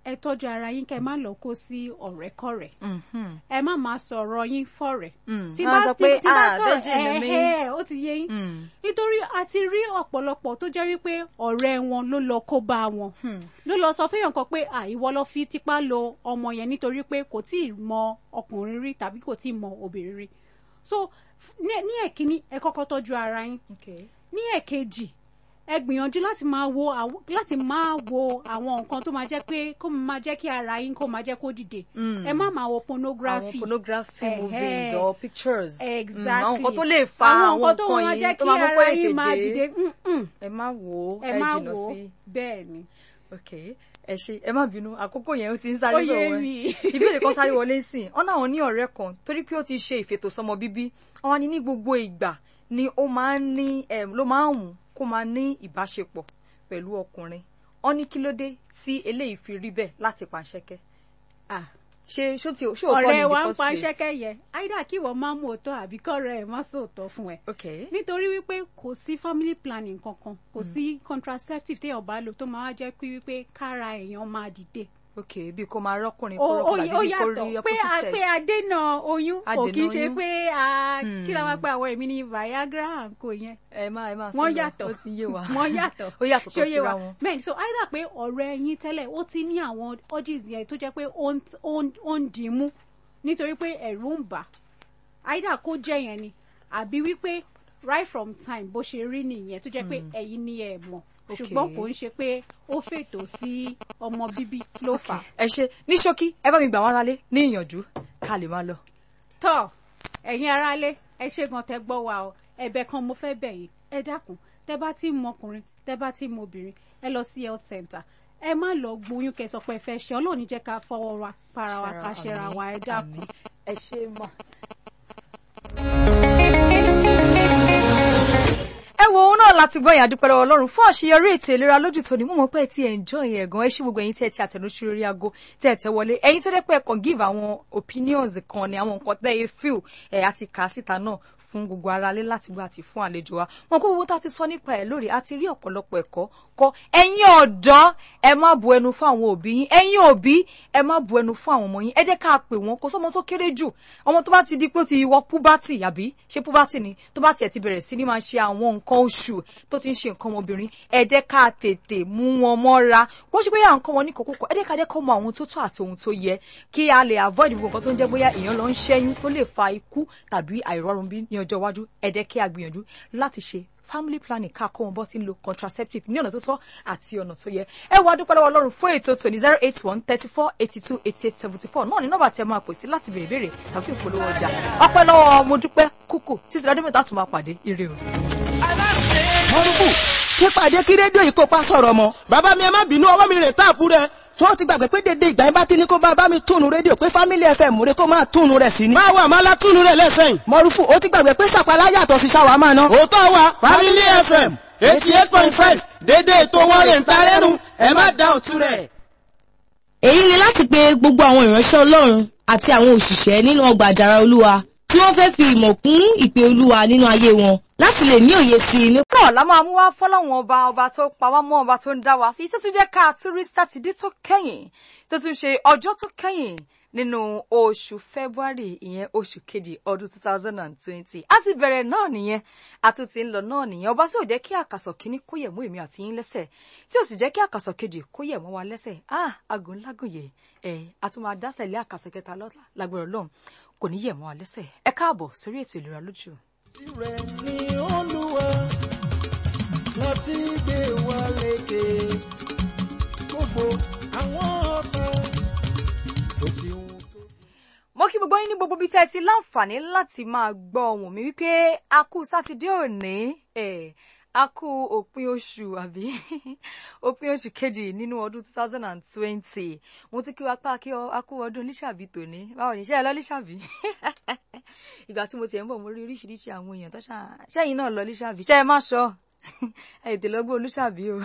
ẹ tọ́jú ara yín kẹ́ ẹ má lọ kó sí ọ̀rẹ́kọ̀rẹ́ mm-hmm. ẹ má máa sọ̀rọ̀ yín fọ̀rẹ́ mm. tí bá ti tí bá sọ̀rọ̀ ẹ ẹ ó ti yé yín mm. nítorí a ti rí ọ̀pọ̀lọpọ̀ tó jẹ́ wípé ọ̀rẹ́ wọn ló lọ kó bá wọn hmm. ló lọ sọ fẹ́yàn kan pé àìwọ lọ fi tipá lo ọmọ yẹn nítorí pé kò tí ì mọ ọkùnrin rí tàbí kò tí ì mọ obìnrin rí so ní ẹ̀kíní ẹ kọ́kọ́ tọ́jú ara yín ní ẹ̀kejì ẹ gbìyànjú láti máa wo láti máa wo àwọn nǹkan tó máa jẹ́ pé kó máa jẹ́ kí ara yín kó máa jẹ́ kó dìde mm. ẹ má máa wo pornography àwọn pornography movies or pictures mm, exactly àwọn nǹkan tó lè fa àwọn nǹkan yìí tó máa mú kó ètè dé mm, ẹ má wo ẹ jìnnà sí bẹ́ẹ̀ ni ẹ ṣe ẹ má bínú àkókò yẹn ó ti ń sáré lọ wọn ìbéèrè kan sáré wọlé sí i ọ̀nà àwọn ní ọ̀rẹ́ kan torí pé ó ti ṣe ìfètòsọ́mọ bíbí àwọn ni ní gbogbo ìgbà ni ó máa ń ní ló máa ń wù kó máa ní ìbáṣepọ̀ pẹ̀lú ọkùnrin ó ní kí ló dé tí eléyìí fi rí bẹ́ẹ̀ láti pàṣẹkẹ́ ṣe ṣó ti ṣó kọ́ ni in the first place. ọ̀rẹ́ wa ń pa ṣẹ́kẹ́ yẹ either kí wọ́n máa mú òótọ́ àbí kọ́ ẹ̀ má sòótọ́ fún ẹ. nítorí wípé kò sí family planning kankan kò hmm. sí contraceptive téèyàn bá lò tó máa jẹ́ pé wípé kára èèyàn máa dìde ok bí kò máa rọkùnrin kó rọkùnrin àbí kò rí opposite sex. pé àdènà oyún ò kì í ṣe pé hmm. kí la máa pe àwọn èmi ní viagra nǹkan yẹn. ẹ máa ẹ máa sọ wọn yàtọ̀ wọn yàtọ̀ ó yàtọ̀ tó síra wọn. men so either pé ọ̀rẹ́ yín tẹ́lẹ̀ ó ti ní àwọn urges yẹn tó jẹ́ pé ó ń dì í mú nítorí pé ẹ̀rù ń bà either kó jẹ́ yẹn ni àbí wípé right from time bó ṣe rí nìyẹn tó jẹ́ pé hmm. ẹ̀yin ni ẹ mọ̀ ṣùgbọ́n kò ń ṣe pé ó fètò sí ọmọ bíbí ló fà. ẹ ṣe ní ṣókí ẹ bá mi gbà wọn aráalé ní ìyànjú ká lè máa lọ. tọ ẹ̀yin aráalé ẹ ṣe gan tẹ́ gbọ́ wa o ẹ̀bẹ̀ kan mo fẹ́ bẹ̀ yín ẹ dákun tẹ́ bá ti mọ ọkùnrin tẹ́ bá ti mọ obìnrin ẹ lọ sí health center ẹ má lọ gboyún kẹsàn pé ẹ fẹ́ ṣe Ọlọ́run ní jẹ́ ká fọwọ́ wa para wa ká ṣera wa ẹ dákun. ẹ ṣe mọ wo òun náà láti gbọ́ ìyá dúpẹ́ ọlọ́run fún àṣeyọrí ètò ìlera lójú tòní mú mọ́ tí ẹ̀ ń jọ ìyẹn gan ẹ ṣí gbogbo ẹ̀yin tẹ́ ti àtẹnusí lórí aago tẹ́ tẹ́ wọlé ẹ̀yin tó dẹ́ kàn give àwọn opinions kan ni àwọn nǹkan tẹ́ ẹ feel ẹ̀ àti kà síta náà fún gbogbo aráalé láti gbọ́ àti fún àlejò wa wọn kó gbogbo tá a ti sọ nípa ẹ̀ lórí a ti rí ọ̀pọ̀lọpọ̀ ẹ̀kọ́ kọ́ ẹ̀yin ọ̀dọ́ ẹ má bu ẹnu fún àwọn òbí yín ẹ̀yin òbí ẹ má bu ẹnu fún àwọn ọmọ yín ẹ jẹ́ ká pè wọ́n kó sọ́mọ tó kéré jù ọmọ tó bá ti di pé ti wọ púbátì àbí ṣé púbátì ni tó bá tiẹ̀ ti bẹ̀rẹ̀ sí ní máa ṣe àwọn nǹkan oṣù tó ti ń ṣe nǹkan ọmọbìnrin ẹ jẹ́ ká tètè mú wọn mọ́ra kó ṣe pé yà ń kọ́ wọn ní kókó ẹ jẹ́ ká jẹ́ kọ́ mọ àwọn tó tọ́ àti ohun tó yẹ kí a lè avoid gbogbo nǹkan tó ń jẹ́ bóyá èèyàn lọ ń ọjọ́ iwájú ẹ̀dẹ́ kí a gbìyànjú láti ṣe family planning ká kó wọn bọ́ tí ń lo contraceptive ní ọ̀nà tó tọ́ àti ọ̀nà tó yẹ. ẹ wá dúpẹ́ lọ́wọ́ ọlọ́run fún ètò tòní zero eight one thirty four eighty two eighty eight seventy four náà ni nọ́mbà tí ẹ máa pè sí láti béèrè béèrè tàbí ìpolówó ọjà. ọpẹ́ lọ́wọ́ mo dúpẹ́ kúkú títí lọ́dún mẹ́ta tó máa pàdé ire o. mọ́rùkù pípàdé kí rédíò yìí kópa sọ̀rọ̀ mọ́ bàbá mi ẹ má bínú ọwọ́ mi rè táàpù rẹ̀ tó ti gbàgbé pé dédé ìgbà yẹn bá ti ní kó bá bá mi túnu rédíò pé Family FM rẹ kó máa túnu rẹ̀ sí ni. máa wà máa lá túnu rẹ̀ lẹ́sẹ̀yìn. mọ̀rúfù ó ti gbàgbé pé sàpàlà yàtọ̀ sí ṣàwà máa ná. òótọ́ wa Family FM eighty eight point five dédé ètò wọn rè ń ta lẹ́nu ẹ má da òtún rẹ̀. èyí ni láti pe gbogbo àwọn ìránṣẹ́ Ọlọ́run àti àwọn òṣìṣẹ́ nínú ọgbà àjàrà Olúwa tí wọ́n fẹ́ fi ìmọ̀ kún ìpè Olúwa nínú ayé wọn láti lè ní òye sí i. náà la máa mú wá fọ́lọ́wọ́n ọba ọba tó pa wá mọ́ ọba tó ń dá wa sí tó tún jẹ́ ká tún rí sátidé tó kẹ́yìn tó tún ṣe ọjọ́ tó kẹ́yìn nínú oṣù february ìyẹn oṣù kejì ọdún two thousand and twenty a ti bẹ̀rẹ̀ náà nìyẹn a tún ti ń lọ náà nìyẹn ọba tí ò jẹ́ kí àkàsọ̀ kínní kó yẹ̀ mú èmi àti yín lẹ́sẹ̀ tí ò sì jẹ́ kí àkàsọ̀ kejì kó yẹ̀ mọ́ wa lẹ́sẹ̀ ah agùn lágùnyè ẹ̀ a tún máa dásẹ̀ lé àkàsọ̀ kẹta lọ́la lágbára ọlọ́run kò ní yẹ̀ mọ́ wa lẹ́sẹ̀ ẹ káàbọ̀ sórí ètò ìlera lójú tirẹ̀ ni olúwa láti gbé wa lékè gbogbo àwọn ọ̀tá tó ti wù mo kí gbogbo yín ní gbogbo bí tẹ́ ẹ ti láǹfààní láti máa gbọ́ ohùn mi wípé a kú sátidé òní a kú òpin oṣù àbí [LAUGHS] òpin oṣù kejì nínú ọdún two thousand and twenty mo ti kí wa pa kí a kú ọdún líṣàbí tòní báwo ni iṣẹ́ ẹ lọ líṣàbí [LAUGHS] [LAUGHS] ìgbà tí mo tiẹ̀ ń bọ̀ mo rí oríṣiríṣi àwọn èèyàn tó ṣáà ṣẹ́yìn náà lọ líṣàbí ṣẹ́ ẹ má sọ [LAUGHS] ètè lọ gbé olùṣàbí o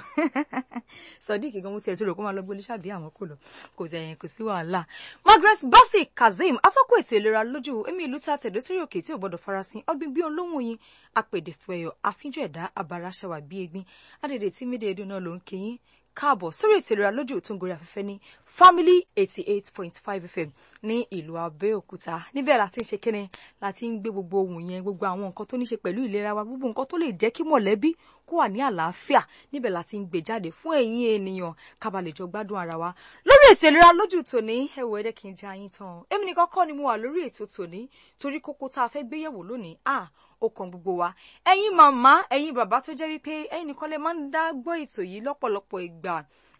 [LAUGHS] sodiq gan mo tiẹ̀ ti rò kó máa lọ gbé àwọn kò lọ kò sẹ̀yìn kò sí wàhálà. Margaret Bassey Kazeem atọ́kùn ètò ìlera lójú èmi ìlú ta tẹ̀dó sórí òkè tí ò gbọ́dọ̀ farasin ọgbìn bí olóhùn yín apèdèfẹ̀yọ̀ àfínjú ẹ̀dá abaraṣẹ́wà bí egbin adèdè tí mídèédú náà ló ń kéyìn káàbọ̀ sórí ètò ìlera lójú tó ń gorí afẹ́fẹ́ ní family eighty eight point five fm ní ìlú abẹ́òkúta níbẹ̀ la ti ń ṣe kíni la ti ń gbé gbogbo ohun yẹn gbogbo àwọn nǹkan tó ní ṣe pẹ̀lú ìlera wa gbogbo nǹkan tó lè jẹ́ kí mọ̀lẹ́bí kó wà ní àlàáfíà níbẹ̀ la ti ń gbé jáde fún ẹ̀yin ènìyàn ká gbádùn ara wa lórí ètò ìlera lójú tòní ẹwọ ẹdẹ kì í jẹ ayín tán èmi nìkan kọ́ ni mo wà lórí ètò tòní torí kókó tá a fẹ́ gbé yẹ̀wò lónìí à ó kàn gbogbo wa ẹ̀yin màmá ẹ̀yin bàbá tó jẹ́ wípé ẹ̀yin nìkan lè máa ń dá gbọ́ ètò yìí lọ́pọ̀lọpọ̀ ìgbà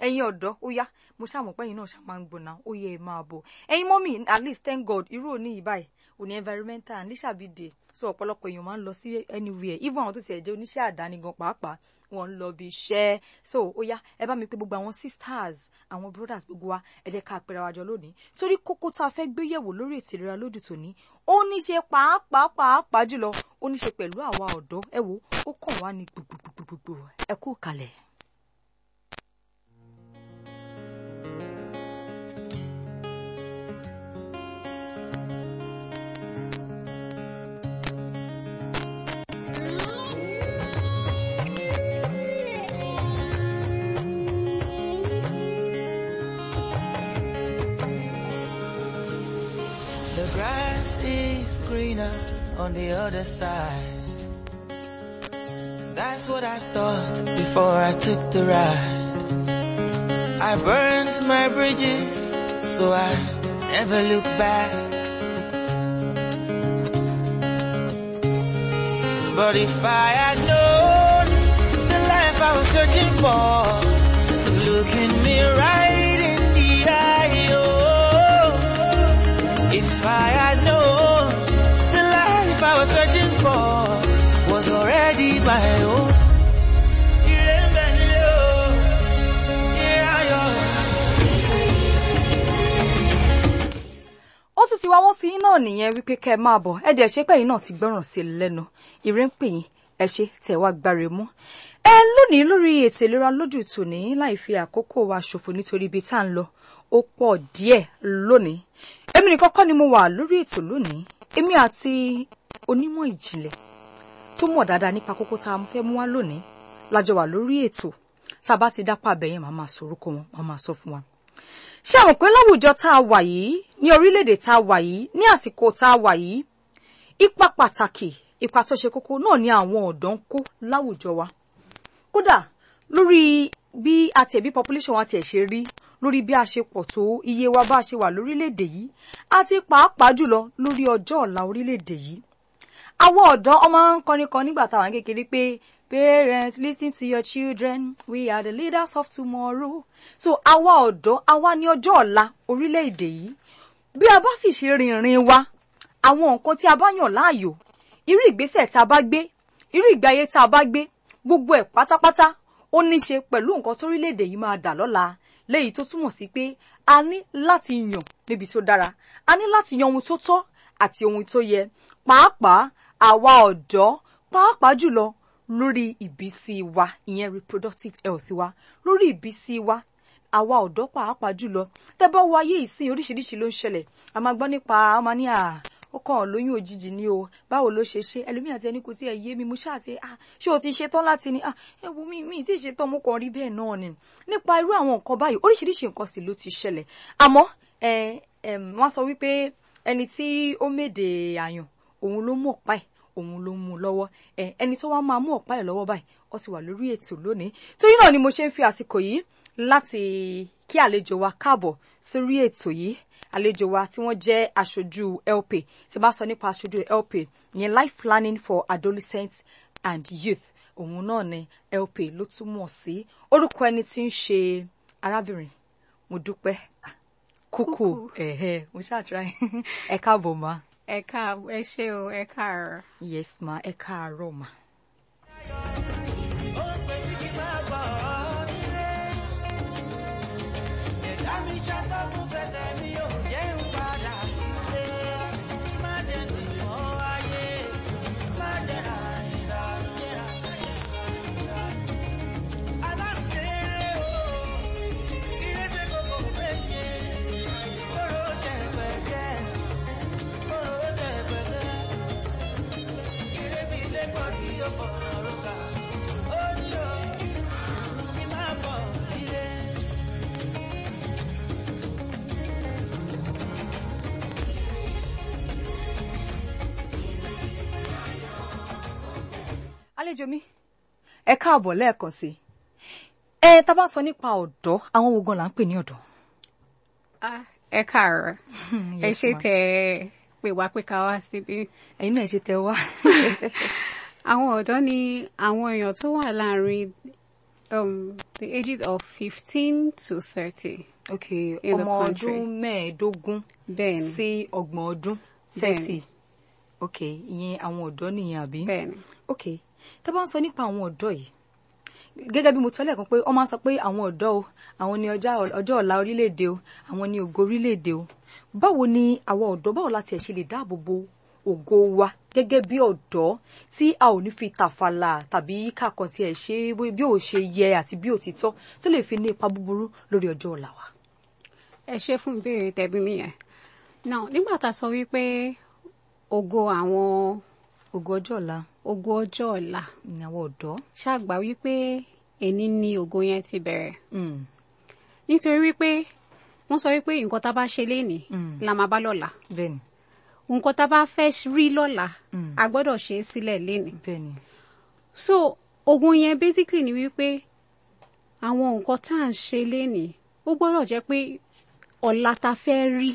ẹ̀yin ọ̀dọ́ ó yá mo ṣàmọ̀ pé ẹ̀yin náà ṣàmà ń gbóná ó yẹ ẹ máa bọ̀ ẹ̀yin mọ́mì at least thank God irú òní yìí báyìí òní environmental níṣàbídè so ọ̀pọ̀lọpọ̀ èèyàn máa ń lọ sí anywhere even àwọn tó ti ẹ̀ jẹ́ oníṣẹ́ àdáni gan pàápàá wọ́n ń lọ bí iṣẹ́ so ó yá ẹ bá mi pé gbogbo àwọn sisters àwọn brothers gbogbo wa ẹ jẹ́ ká pera wa jọ lónìí torí kókó tá a fẹ́ gbé yẹ̀wò lórí ètò ìlera lódì tòní ó ní ṣe pàápàá pàápàá jùlọ ó ní ṣe pẹ̀lú àwa ọ̀dọ́ ẹ wo ó kàn wá ní gbogbogbò ẹ kú kalẹ̀. on the other side. That's what I thought before I took the ride. I burned my bridges, so I never look back. But if I had known the life I was searching for, was looking me right in the eye, oh, if I bá ẹ o. Ire ń bẹ nílé o, ire ayọ̀. Ó tún ti wá wọ́n sí yín náà nìyẹn wípé kẹ́ ẹ máa bọ̀. Ẹ dẹ̀ ṣe pé náà ti gbọ́ràn sí lẹ́nu. Ire pè yín, ẹ ṣe tẹ̀ wá gbáre mú. Ẹ lónìí lórí ètò ìlera lójú tòní láì fi àkókò wa ṣòfò nítorí ibi tá à ń lọ. Ó pọ̀ díẹ̀ lónìí. Èmi nìkan kọ́ ni mo wà lórí ètò lónìí. Èmi àti onímọ̀ ìjìnlẹ̀ tó mọ̀ dáadáa nípa kókó tá a fẹ́ mú wá lónìí lájọ wà lórí ètò tá a bá ti dápọ̀ abẹ́yẹn màá máa sọ orúkọ wọn màá máa sọ fún wa. ṣé àwọn pé láwùjọ tá a wà yìí ní orílẹ̀-èdè tá a wà yìí ní àsìkò tá a wà yìí ipa pàtàkì ipa tó ṣe kókó náà ni àwọn ọ̀dọ́ ń kó láwùjọ wa kódà lórí bí àtẹ̀bí population wa tiẹ̀ ṣe rí lórí bí a ṣe pọ̀ tó iye wa bá a ṣe wà lórílẹ̀-èdè yìí àti pàápàá jùlọ lórí ọjọ́ ọ̀la orílẹ̀-èdè yìí àwọn ọ̀dọ́ ọmọ ń kọrin kan nígbà táwọn kékeré pé parents listen to your children we are the leaders of tomorrow so àwa ọ̀dọ́ àwa ni ọjọ́ ọ̀la orílẹ̀-èdè yìí bí a bá sì ṣe rìnrìn wa àwọn nǹkan tí a bá yàn láàyò irú ìgbésẹ̀ tá a bá gbé irú ìgbé ayé tá a bá gbé gbogbo ẹ̀ pátápátá ó ní ṣe pẹ̀lú nǹkan tórílẹ̀-èdè yìí máa dà lọ́la léyìí tó túmọ̀ sí pé a ní láti yàn níbi tó dára a ní láti yan ohun tó tọ́ àti ohun tó yẹ pàápàá àwa ọ̀dọ́ pàápàá jùlọ lórí ìbísí wa ìyẹn reproductive health wa lórí ìbísí wa àwa ọ̀dọ́ pàápàá jùlọ tẹ́ bá wo ayé ìsìn oríṣiríṣi ló ń ṣẹlẹ̀ a máa gbọ́ nípa a ní à ó kàn lóyún òjijì ni o báwo ló ṣe ṣe ẹlòmíì àti ẹni kò tí ẹ yé mi mo ṣáà ti ah ṣé o ti ṣetán láti ni ah ẹ mi mi tí ì ṣetán mo kàn rí bẹ́ẹ̀ náà ni nípa irú àwọn nǹkan báyìí oríṣiríṣi nǹkan sì ló ti ṣẹlẹ̀ àmọ́ ẹ ẹ wọ́n sọ wípé ẹni tí ó mèdè àyàn òun ló mú ọ̀pá ẹ̀ òun ló mú un lọ́wọ́ ẹ ẹni tó wá máa mú ọ̀pá ẹ̀ lọ́wọ́ báyìí ó ti wà lórí ètò lónìí torí náà ni mo ṣe ń fi àsìkò yìí láti kí àlejò wa káàbọ̀ sórí ètò yìí àlejò wa tí wọ́n jẹ́ aṣojú LP tí bá sọ nípa aṣojú LP ìyẹn life planning for adolescents and youth òun náà ni LP ló túmọ̀ sí orúkọ ẹni tí ń ṣe arábìnrin mo dúpẹ́ kúkú ẹ̀hẹ́ mo ṣáà try [LAUGHS] ẹ káàbọ̀ máa. ẹ ká yes ma ẹ káàárọ̀ ma. àlejò mi ẹ káàbọ̀ lẹ́ẹ̀kan sí ẹ tá a bá sọ nípa ọ̀dọ́ àwọn wo gan la ń pè ní ọ̀dọ́. ẹ káàárọ̀ hmm, ẹ ṣe tẹ pè wá pé ká wá síbí. ẹ̀yin náà ẹ ṣe tẹ wá. [LAUGHS] àwọn ọ̀dọ́ ni àwọn èèyàn tó wà láàárín um, the ages of fifteen to thirty. ok ọmọ ọdún mẹ́ẹ̀ẹ́dógún sí ọgbọ̀n ọdún thirty. ok ìyẹn àwọn ọ̀dọ́ nìyẹn àbí. bẹ́ẹ̀ni. ok. okay tẹ́ bá ń sọ nípa àwọn ọ̀dọ́ yìí gẹ́gẹ́ bí mo tọ́lẹ̀ kan pé wọ́n máa ń sọ pé àwọn ọ̀dọ́ o àwọn ni ọjọ́ ọ̀la orílẹ̀-èdè o àwọn ni ògo orílẹ̀-èdè o báwo ni àwọn ọ̀dọ́ báwo láti ẹ̀ ṣe lè dáàbò bo ògo wa gẹ́gẹ́ bí ọ̀dọ́ tí a ò ní fi tàfàlà tàbí kàkan tí ẹ̀ ṣe bí ò ṣe yẹ àti bí ò ti tọ́ tó lè fi ní ipa búburú lórí ọjọ́ ọ̀la wa. ẹ ṣe fún ìbéèrè tẹ̀bí mi yẹn náà nígbà tá a sọ wípé ògo àwọn ògo ọjọ́ ọ̀la ogun ọjọ́ ọ̀la ìnáwó ọ̀dọ́ ṣàgbà wípé ẹni ni ogun yẹn ti bẹ̀rẹ̀ hmm. nítorí wípé wọ́n sọ wípé nǹkan tá a bá ṣe lénìí hmm. la máa bá lọ́la nǹkan tá a bá fẹ́ rí lọ́la hmm. a gbọ́dọ̀ ṣe é sílẹ̀ lénìí so ogun yẹn basically ni wípé àwọn nǹkan tá à ń ṣe lénìí ó gbọ́dọ̀ jẹ́ pé ọ̀la tá fẹ́ rí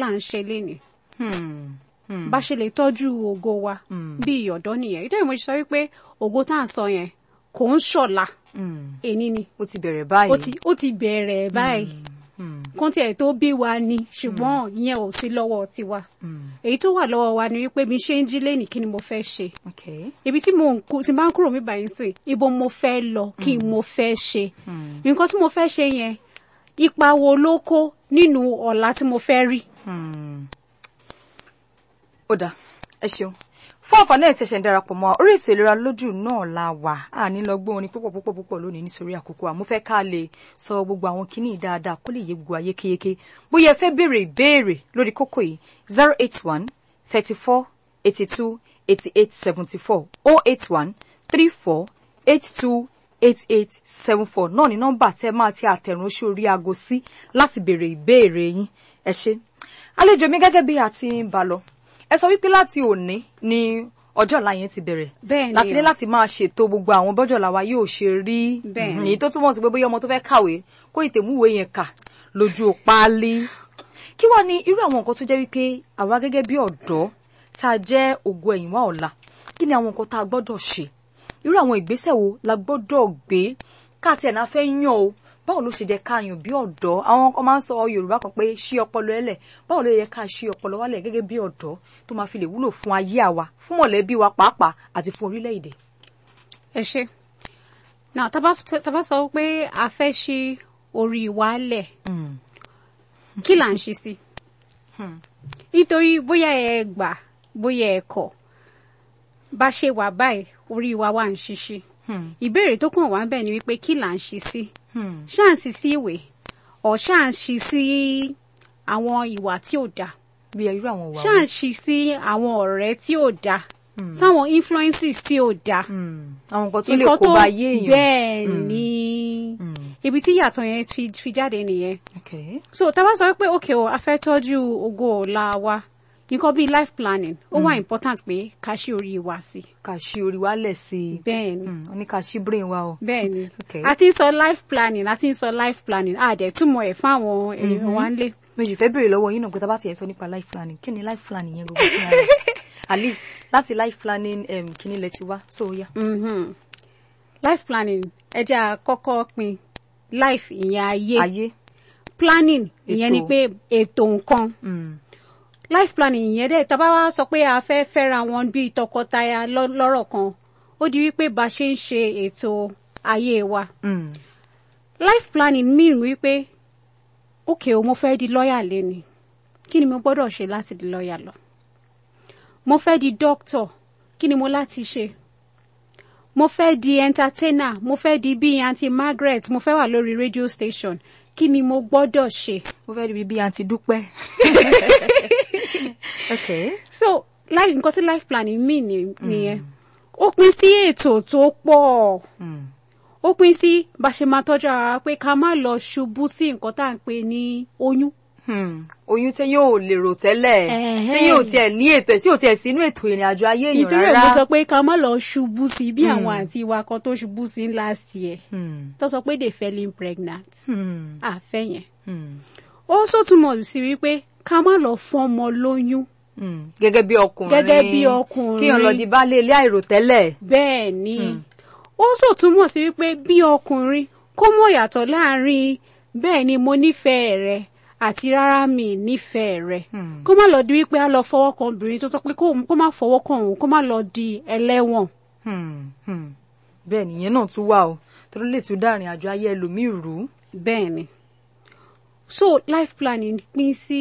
là ń ṣe lénìí. Hmm. Hmm. bá ṣe lè tọ́jú ògo wa hmm. bí ìyọ̀dọ́ nìyẹn ìtọ́ ìmọ̀ ṣe sọ wípé ògo tá à ń sọ yẹn kò ń ṣọ̀la hmm. èní ni ó ti bẹ̀rẹ̀ báyìí ó ti bẹ̀rẹ̀ báyìí kọ́ńtẹ̀ tó bí wa ni ṣùgbọ́n ìyẹn ò sí lọ́wọ́ tiwa èyí tó wà lọ́wọ́ wa ni wípé mi ṣe ń jí lẹ́nìí kí ni mo fẹ́ ṣe ibi tí mo ti máa ń kúrò mí báyìí sìn ibo mo fẹ́ lọ kí mo fẹ́ ṣe nǹkan tí mo fẹ́ ṣe yẹn ipa wo ló kó nínú ọ̀la tí mo fẹ́ rí ó dáa ẹ ṣeun fún àǹfààní ẹ̀ tẹ̀sẹ̀ ń darapọ̀ mọ́ orí ètò ìlera lójú náà la wà á ní lọ gbọ́ orin púpọ̀ púpọ̀ púpọ̀ lónìí nítorí àkókò àmúfẹ́ ká lè sọ gbogbo àwọn kíní dáadáa kó lè yé gbogbo ayé kéyéké bóyá ẹ fẹ́ béèrè ìbéèrè lórí kókó yìí zero eight one thirty four eighty two eighty eight seventy four oh eight one three four eight two eight eight seven four náà ní nọ́mbà tẹ́ máa ti àtẹ̀rùn oṣù orí aago sí láti béèrè ìbéèrè yín ẹ ṣé àlejò mi gẹ́gẹ́ bí a ti ń bá lọ ẹ sọ wípé láti òní ni ọjọ́ ọ̀la yẹn ti bẹ̀rẹ̀ láti ní láti máa ṣètò gbogbo àwọn bọ́jọ́ ọ̀la wa yóò ṣe rí mhm. èyí tó túmọ̀ sí pé bóyá ọmọ tó fẹ́ kàwé kó ìtẹ̀múwé yẹn kà lójú páálí kí wàá ní irú àwọn nǹkan tó jẹ́ wípé àwa gẹ́gẹ́ bí ọ̀dọ́ tá a jẹ́ ògo ẹ̀yìnwá ọ̀la kí ni àwọn nǹkan tá a gbọ́dọ̀ ṣe irú àwọn ìgbésẹ̀ wo la gbọ́dọ̀ gbé káàtì ẹ̀ náà fẹ́ yàn o báwo ló ṣe jẹ́ káàyàn bí ọ̀dọ́ àwọn ọkọ máa ń sọ Yorùbá kan pé ṣí ọpọlọ ẹlẹ̀ báwo ló yẹ ká ṣí ọpọlọ wálẹ̀ gẹ́gẹ́ bí ọ̀dọ́ tó máa fi lè wúlò fún ayé àwa fún mọ̀lẹ́bí wa pàápàá àti fún orílẹ̀-èdè. ẹ ṣe náà tá bá sọ pé a fẹ́ ṣí orí wa lẹ̀ hmm. kí là ń ṣe sí hmm. nítorí bóyá ẹ gbà bóyá ẹ kọ̀ bá ṣe wà báyìí orí wa wà ń ṣiṣi hmm. ìbéèrè tó kàn wá ń ni wípé kí là ń ṣe sí. Hmm. ṣáàṣì sí ìwé ọ̀ ṣáàṣì sí àwọn ìwà tí ò dáa ṣáàṣì sí àwọn ọ̀rẹ́ tí ò dáa hmm. sáwọn influences tí ò dáa hmm. àwọn nǹkan tó lè kó bá yé èèyàn bẹ́ẹ̀ ni ibi tí ìyàtọ̀ yẹn fi jáde nìyẹn so tá a bá sọ pé òkè o a fẹ́ tọ́jú ògo ọ̀la wa nǹkan bíi life planning ó wà mm. important pé ká ṣí orí wa sí. ká ṣí orí wa lẹ̀ sí i. bẹ́ẹ̀ni mm, ó ní ká ṣí brain wa o. bẹ́ẹ̀ni a ti ń sọ life planning a ti ń sọ life planning a dẹ̀ túmọ̀ ẹ̀ fún àwọn èèyàn mm-hmm. wa ń lé. méjì fẹ́ béèrè lọ́wọ́ yín náà pé tá a sọ nípa life planning kí ni life planning yẹn gbogbo [LAUGHS] at least láti life planning um, kí ni lẹ ti wá so yá. Yeah. Mm -hmm. life planning ẹ jẹ́ àkọ́kọ́ pin life ìyẹn ayé ayé planning ìyẹn ni pé ètò nǹkan. Mm life planning yẹn dẹ̀ tá a bá wá sọ pé a fẹ́ fẹ́ra wọn bíi tọkọtaya lọ́rọ̀ kan ó di wípé bá ṣe ń ṣe ètò ayé wa. Hmm. life planning mean wípé òkè o mo fẹ́ di lọ́ọ̀yà lẹ́ni kí ni mo gbọ́dọ̀ ṣe láti di lọ́ọ̀yà lọ. mo fẹ́ di doctor kí ni mo láti ṣe mo fẹ́ di entertainer mo fẹ́ di bíi aunty Margaret mo fẹ́ wà lórí radio station kí ni mo gbọ́dọ̀ ṣe. mo fẹ́ ríbi bí àǹtí dúpẹ́. [LAUGHS] okay. so life nǹkan tí life planning mean nìyẹn ó pín sí ètò tó pọ̀ hmm. ó pín sí bá ṣe máa tọ́jú ara pé ká má lọ ṣubú sí nǹkan tá à ń pè ní oyún Hmm. oyún tí yóò lè rò tẹ́lẹ̀ tí yóò tiẹ̀ ní ètò tí yóò tiẹ̀ sínú ètò ìrìn àjò ayé èèyàn rárá. ìtorí ẹ̀ mo sọ pé ká má lọ ṣubú sí bí hmm. àwọn àǹtí wa kan tó ṣubú sí last year hmm. tó sọ pé they fell in pregnant àfẹ́ yẹn. ó sọ́túnmọ̀ sí wípé ká má lọ fọ́mọ lóyún gẹ́gẹ́ bí ọkùnrin gẹ́gẹ́ bí ọkùnrin kí èèyàn lọ di baálé ilé àìròtẹ́lẹ̀. bẹ́ẹ̀ ni ó sọ túmọ̀ sí wípé bí ọkùnrin kó mọ̀ yàtọ̀ láàrin bẹ́ẹ̀ mo nífẹ̀ẹ́ rẹ̀ àti rárá mi nífẹ̀ẹ́ rẹ̀ hmm. kó má lọ di wípé a lọ fọwọ́ kan obìnrin tó sọ pé kó má fọwọ́ kan òun kó má lọ di ẹlẹ́wọ̀n. Hmm, hmm. bẹ́ẹ̀ nìyẹn náà tún wà o torí lè tún dárin àjọ ayé ẹlòmíì rú. bẹ́ẹ̀ ni so life planning pín sí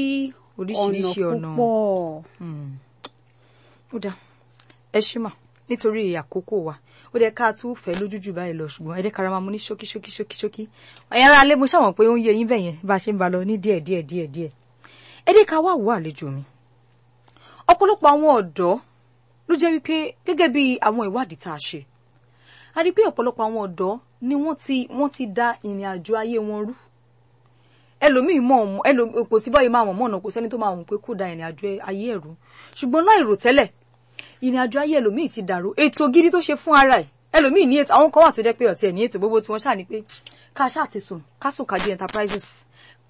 oríṣiríṣi ọ̀nà púpọ̀. ó dáa ẹ ṣí mà nítorí àkókò wa ó dẹ ká tún fẹ́ lójú jù báyìí lọ ṣùgbọ́n ẹ dẹ́ kára máa mú ní ṣókí ṣókí ṣókí ṣókí ẹ̀yin ará alẹ́ mo ṣàmọ̀ pé ó ń yé yín bẹ̀yẹn bá a ṣe ń ba lọ ní díẹ̀ díẹ̀ díẹ̀ díẹ̀ ẹ ká wá wò àlejò mi ọ̀pọ̀lọpọ̀ àwọn ọ̀dọ́ ló jẹ́ wípé gẹ́gẹ́ bí àwọn ìwádìí tá a ṣe a rí pé ọ̀pọ̀lọpọ̀ àwọn ọ̀dọ́ ni wọ́n ti wọ́n ti da ìrìn àjò ayé wọn rú ẹlòmíì mọ̀ ọ̀mọ̀ ẹlòmíì kò sí báyìí máa mọ̀ mọ̀ ọ̀nà kò sẹ́ni tó máa mọ̀ pé kò da ìrìn àjò ayé ẹ̀rú ṣùgbọ́n láì rò tẹ́lẹ̀ ìrìn àjò ayé ẹlòmíì ti dàrú ètò gidi tó ṣe fún ara ẹ̀ ẹlòmíì ní ètò àwọn kan wà tó jẹ́ pé ọ̀tí ẹ̀ ní ètò gbogbo tí wọ́n ṣà pé ká ṣáà ti sùn ká sùn ká di enterprises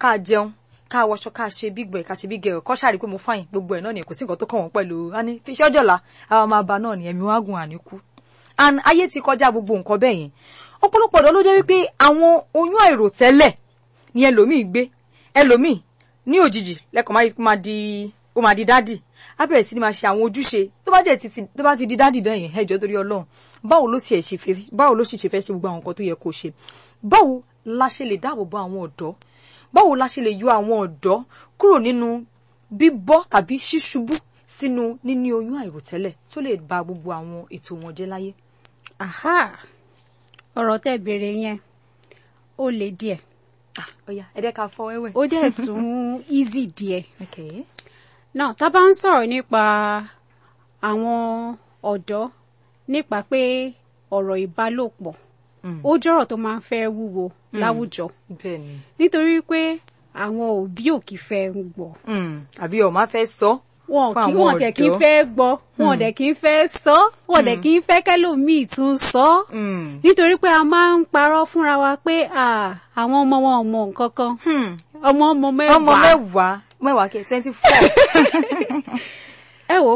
ká jẹun ká wọṣọ ká ṣe big boy ká ṣe big girl kọ́ ṣáà rí pé mo fáyìn gbogbo ẹ̀ náà nìyẹn kò sí nǹkan tó kàn wọ́n pẹ̀lú àní fiṣẹ́ ọjọ́la àwa máa ba náà ni ẹ̀mí wọn á gùn àní kú and ayé ti kọjá gbogbo nǹkan bẹ́ẹ̀ yẹn ọ̀pọ̀lọpọ̀ ọ̀dọ́ ló jẹ́ wípé àwọn oyún àìròtẹ́lẹ̀ ni ẹlòmíì gbé ẹlòmíì ní òjijì lẹ́kọ̀ọ́ máa di ó máa di dádì á bẹ̀rẹ̀ sí ni máa ṣe àwọn ojúṣe tó bá dẹ̀ títí tó bá ti di dádì bẹ́ẹ̀ yẹn ẹjọ́ torí ọlọ́run báwo ló sì ṣe fẹ́ báwo ló sì ṣe fẹ́ ṣe gbogbo àwọn nǹkan tó yẹ kó ṣe báwo la ṣe lè dáàbò bo àwọn ọ̀dọ́ báwo la ṣe lè yọ àwọn ọ̀dọ́ kúrò nínú bíbọ́ tàbí ṣíṣubú sínú níní oyún àìròtẹ́lẹ̀ tó lè ba gbogbo àwọn ètò wọn jẹ́ láyé. àhá ọ̀rọ̀ tẹ́ béèrè yẹn ó le díẹ̀. Ah, ó dẹ̀ tún easy díẹ̀. [LAUGHS] okay náà tá a bá ń sọ̀rọ̀ nípa àwọn ọ̀dọ́ nípa pé ọ̀rọ̀ ìbálòpọ̀ hmm. ó jọ̀rọ̀ tó máa ń fẹ́ wúwo hmm. láwùjọ nítorí pé àwọn òbí ò kì í fẹ́ gbọ́. Hmm. àbí ọ̀ máa fẹ́ sọ. wọn kì wọn dẹ̀ kì í fẹ́ gbọ́ wọn dẹ̀ kì í fẹ́ sọ wọn dẹ̀ kì fẹ́ kẹ́lòmíì tún sọ. nítorí pé a máa ń parọ́ fúnra wa pé àwọn ọmọ wọn ò nǹkan kan ọmọ ọmọ mẹ́wàá mẹ́wàá kẹ twenty four. [LAUGHS] ẹ wo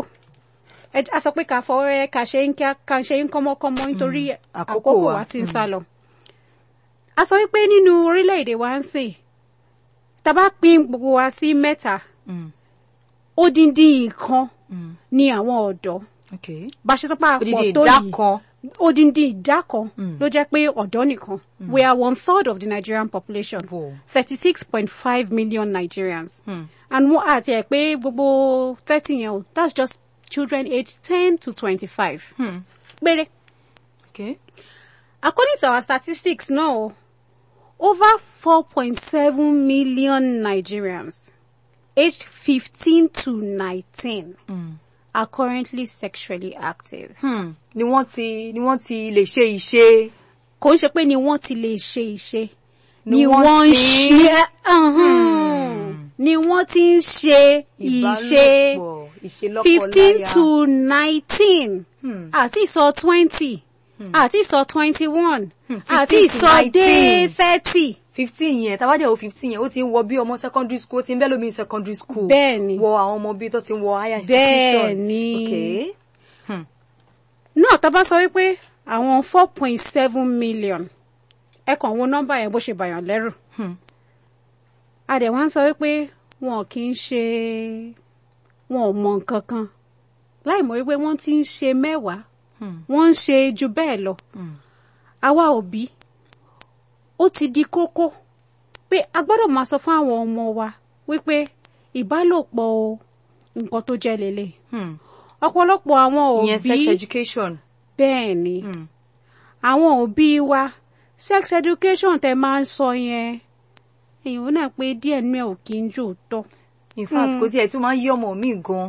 a sọ pé ká fọwọ́rẹ́ ká ṣe ń kíá ká ṣe ń kọ́mọ́kọ́mọ́ mm, nítorí àkókò wa ti ń mm. sá lọ. a sọ wípé nínú orílẹ̀-èdè wa ń sìn tá a bá pín gbogbo wa sí mẹ́ta mm. odindi nǹkan ni àwọn ọ̀dọ́ bá ṣe sọ pé àpọ̀ tó yìí odindi ìdá kan hmm. ló jẹ́ pé ọ̀dọ́ nìkan hmm. we are one third of the Nigerian population thirty six point five million Nigerians hmm. and wọ́n àti ẹ̀ pé gbogbo thirteen year old. that's just children aged ten to twenty-five péré. Okay. According to our statistics now, over 4.7 million Nigerians aged 15 to 19 are currently sexually active. Hmm. ni wọ́n ti ni wọ́n ti lè ṣe iṣẹ́. kò ń ṣe pé ni wọ́n ti lè ṣe iṣẹ́. ni wọ́n ti eh, uh-huh. hmm. ni wọ́n ti ń ṣe iṣẹ́ fifteen to nineteen hmm. àti sọ twenty àti hmm. ah, sọ twenty one àti hmm, ah, sọ dé thirty. fifteen yẹn tabajẹ o fifteen yẹn o ti ń wọ bí ọmọ secondary school o ti ń bẹ́ẹ̀ lómi secondary school. bẹ́ẹ̀ni wọ àwọn ọmọ bíi tó ti ń wọ higher institution. bẹ́ẹ̀ni hmm. náà tá a bá sọ wípé àwọn four point seven million ẹ kàn wo nọ́mbà yẹn bó ṣe bàyàn lẹ́rù. a dẹ̀ wá ń sọ wípé wọn kì í ṣe wọn ò mọ nǹkan kan láì mọ̀ wípé wọ́n ti ń ṣe mẹ́wàá wọ́n ń ṣe ju bẹ́ẹ̀ lọ hmm. àwa òbí ó ti di kókó pé a gbọ́dọ̀ máa sọ fún àwọn ọmọ wa wípé ìbálòpọ̀ o nǹkan tó jẹ́ lélẹ̀ hmm. ọ̀pọ̀lọpọ̀ àwọn òbí ìyẹn sex education bẹ́ẹ̀ ni hmm. àwọn òbí wa sex education tẹ máa ń sọ yẹn èyí ò náà pé díẹ̀ nú ẹ̀ ò kí ń jò tọ́. in fact kò sí ẹ̀ tí ó máa ń yí ọmọ mi gan.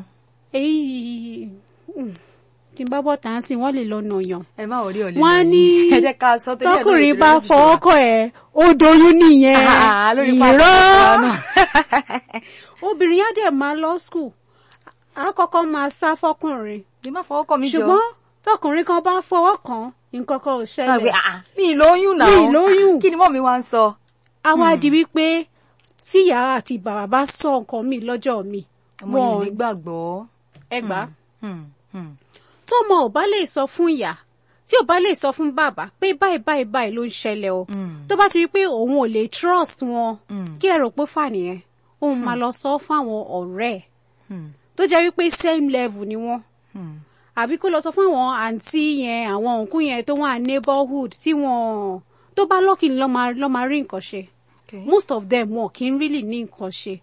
èyí tí n bá bọ̀ tán sí wọ́n lè lọ nàyàn. ẹ má ò rí ọ̀lẹ́ wọ́n ní [LAUGHS] tọkùnrin bá fọ ọkọ ẹ̀ ó doyún nìyẹn [LAUGHS] ah, ah, ìró [LAUGHS] obìnrin á dẹ̀ máa lọ skul á kọ́kọ́ máa sá fọkùnrin ṣùgbọ́n tọkùnrin kan bá fọwọ́ kàn nǹkan kan ò ṣẹlẹ̀ ah, mi lóyún náà mi lóyún kí ni mọ́mi wá ń sọ. àwa hmm. di wípé tíyà àti bàbá bá sọ nǹkan mi lọ́jọ́ mi. ọmọ yìí ní gbàgbọ́. ẹ gbà. Hmm, hmm, tọ́mọ ò bá lè sọ fún ìyá tí ò bá lè sọ fún bàbá pé báyìí báyìí báyìí ló ń ṣẹlẹ̀ o mm. tó bá ti rí pé òun ò lè trust wọn mm. kí ẹ rò pé fà nìyẹn òun hmm. máa lọ sọ fáwọn ọ̀rẹ́ ẹ̀ hmm. tó jẹ́ wípé same level ni wọ́n hmm. àbí kó lọ sọ fún àwọn àǹtí yẹn àwọn òǹkú yẹn tó wà neighborhood tí wọ́n tó bá lọ́kì lọ́ máa rí nǹkan ṣe most of them wọn kì í really ní nǹkan ṣe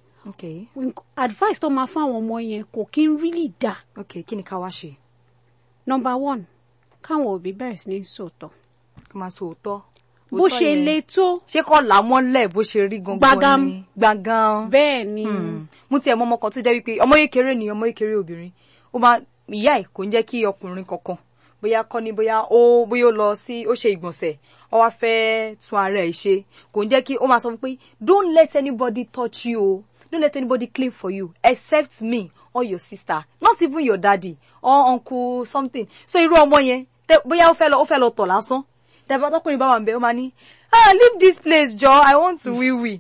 advice tó máa fún àwọn ọmọ yẹn kò kí n really dá. ok kí ni ká wá ṣe number one káwọn òbí bẹ̀rẹ̀ sí ní sòótọ́. kí máa sòótọ́. bó ṣe le tó. ṣé kọ́ là mọ́lẹ̀ bó ṣe rí gangan ni. gbàgán gbàgán. bẹ́ẹ̀ ni. Hmm. mo tiẹ̀ mọ ọmọ kan tó jẹ́ wípé ọmọ kékeré ni ọmọ kékeré obìnrin ó máa ìyá ẹ̀ kò ń jẹ́ kí ọkùnrin kankan bóyá kọ́ ni bóyá ó bóyá ó lọ sí ó ṣe ìgbọ̀nsẹ̀ ó wá fẹ́ tún ara ẹ̀ ṣe kò ń jẹ́ kí ó máa sọ pé don't let anybody touch you don't let anybody clean for you except me or your sister not even your daddy or uncle something so irú ọmọ yẹn bóyá ó fẹ́ lọ ó fẹ́ lọ tọ̀ lásán tẹ̀bọ́ tọkùnrin bá wà ń bẹ ó máa ní ah leave this place jọ i want to wee wee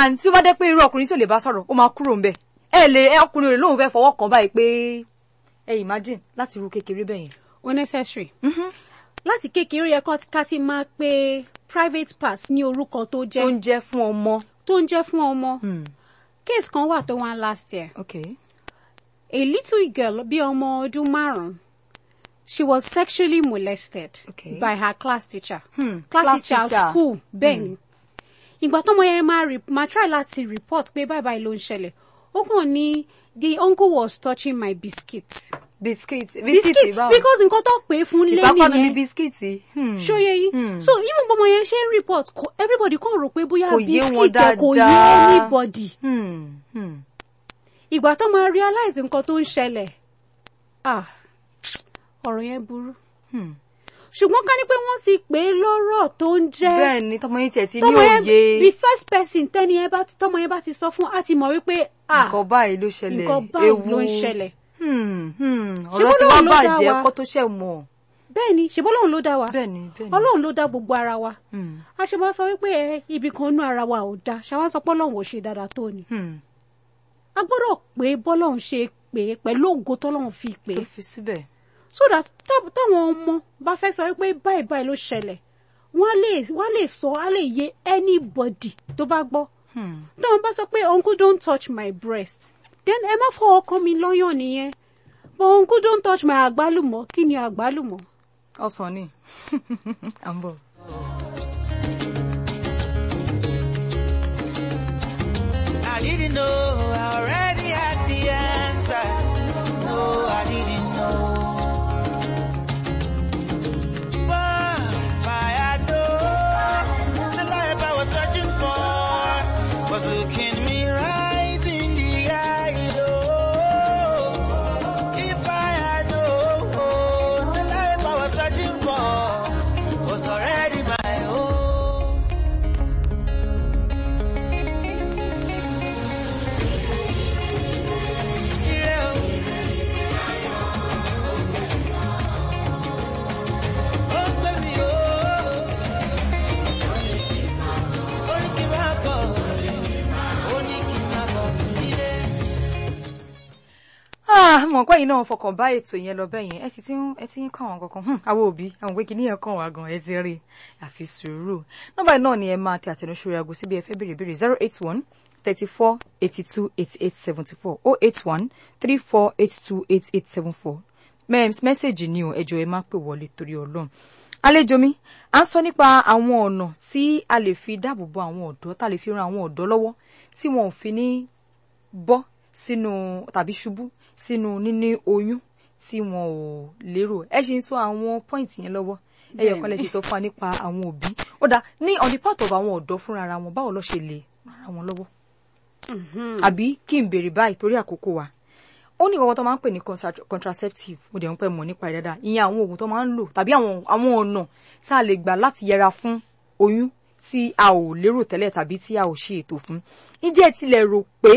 and tí ó bá dé pé irú ọkùnrin tí ò lè bá sọ̀rọ̀ ó máa kúrò ńbẹ̀ ẹ lè ẹ ọkùnrin rẹ̀ lóun fẹ́ fọwọ́ kàn báyìí pé ẹ imagine láti ru kékeré bẹ́yẹn. unnecessary. Mm-hmm. láti kékeré yẹ ká ti máa pe private part ní orúkọ tó jẹ́. tó ń jẹ́ fún ọmọ. tó ń jẹ́ fún ọmọ. Hmm. case kan wà tó wá last year. okay a little girl bí ọmọ ọdún márùn she was sexually molested okay. by her class teacher hmm. class, class teacher, teacher school bẹ́ẹ̀ni hmm. ìgbà tọ́mọ yẹn máa máa try láti report pé báyìí báyìí ló ń ṣẹlẹ̀ ó kàn ní the uncle was touching my biscuit. biscuit biscuit báwo because nǹkan tó pè é fún lẹ́nìyẹn ìpapọ̀ ni biscuit. Hmm. ṣóyè yìí hmm. so even bọ́mọ yẹn ṣe ń report everybody kàn rò pé bóyá biscuit kò yé anybody. Hmm. Hmm ìgbà tó máa realize nǹkan tó ń ṣẹlẹ̀ ah ọ̀rọ̀ yẹn burú hmm. ṣùgbọ́n ká ní pé wọ́n ti pè é lọ́rọ̀ tó ń jẹ́ bẹ́ẹ̀ ni tọmọ yẹn tiẹ̀ ti ní òye the first person tẹ́ni yẹn bá tọmọ yẹn bá ti sọ fún a ti mọ̀ wípé ah nǹkan báyìí ló ṣẹlẹ̀ nǹkan báyìí ló ń ṣẹlẹ̀ hmm, hmm. ọ̀rọ̀ tí wọ́n bàjẹ́ kó tó ṣẹ̀ mọ̀ bẹ́ẹ̀ni ṣebí Ọlọ́run ló dá wa bẹ́ẹ̀ni bẹ́ẹ̀ni Ọlọ́run ló dá gbogbo ara wa a ṣe sọ wípé eh, ibi kan inú ara wa ò da ṣàwọn sọ pé Ọlọ́run ò ṣe dáadáa tó ni a gbọ́dọ̀ pé bọ́lọ́run ṣe pé pẹ̀lú ògo tọ́lọ́run fi pé. tó fi síbẹ̀. so that táwọn ọmọ bá fẹ́ sọ pé báyìí báyìí ló ṣẹlẹ̀ wọ́n lè sọ á lè yé anybody tó bá gbọ́. Hmm. táwọn bá sọ pé uncle don't touch my breast then ẹ má fọ ọkọ mi lọ́yàn nìyẹn but uncle don't touch my àgbálùmọ̀ kí ni àgbálùmọ̀. ọsàn ni [LAUGHS] à didn't know. I already had the answers. No, I didn't know. kẹ́yìn náà fọkàn bá ètò yẹn lọ bẹ́yẹn ẹ sì ti ń ẹ ti ń kàn wọ́n kankan hmm, àwọn òbí àwọn òbí kìíní yẹn kàn wá gan ẹ ti rí àfi sùúrù nọ́mbà náà ni ẹ máa tẹ àtẹnusọ rẹ àgọ síbi ẹ fẹ́ béèrè béèrè zero eight one thirty four eighty two eighty eight seventy four oh eight one three four eight two eight eight seven four Mems, mẹ́sẹ̀gì ni o ẹjọ́ ẹ máa pè wọlé torí ọlọ́run àlejò mi à ń sọ nípa àwọn ọ̀nà tí a lè fi dáàbò bo àwọn ọ̀dọ́ tá a lè fi ran àwọn ọ̀dọ́ lọ́wọ́ tí wọn ò fi ní bọ́ sínú tàbí ṣubú sínú níní oyún tí wọn ò lérò ẹ ṣe ń sọ àwọn pọ́ìntì yẹn lọ́wọ́ ẹyọ kan lè ṣe sọ fún wa nípa àwọn òbí ó dá ní on the part of àwọn ọ̀dọ́ fúnra ara wọn báwo ló ṣe lè ra wọn lọ́wọ́ mm-hmm. àbí kí n béèrè báyìí torí àkókò wa ó ní ìwọ́n tó máa ń pè ní contraceptive mo dẹ̀ ń pẹ́ mọ̀ nípa ẹ̀ dáadáa ìyẹn àwọn oògùn tó máa ń lò tàbí àwọn ọ̀nà tá a lè gbà láti yẹra fún oyún tí a ò lérò tẹ́lẹ̀ tàbí tí a ò ṣe ètò fún ǹjẹ́ tilẹ̀ rò pé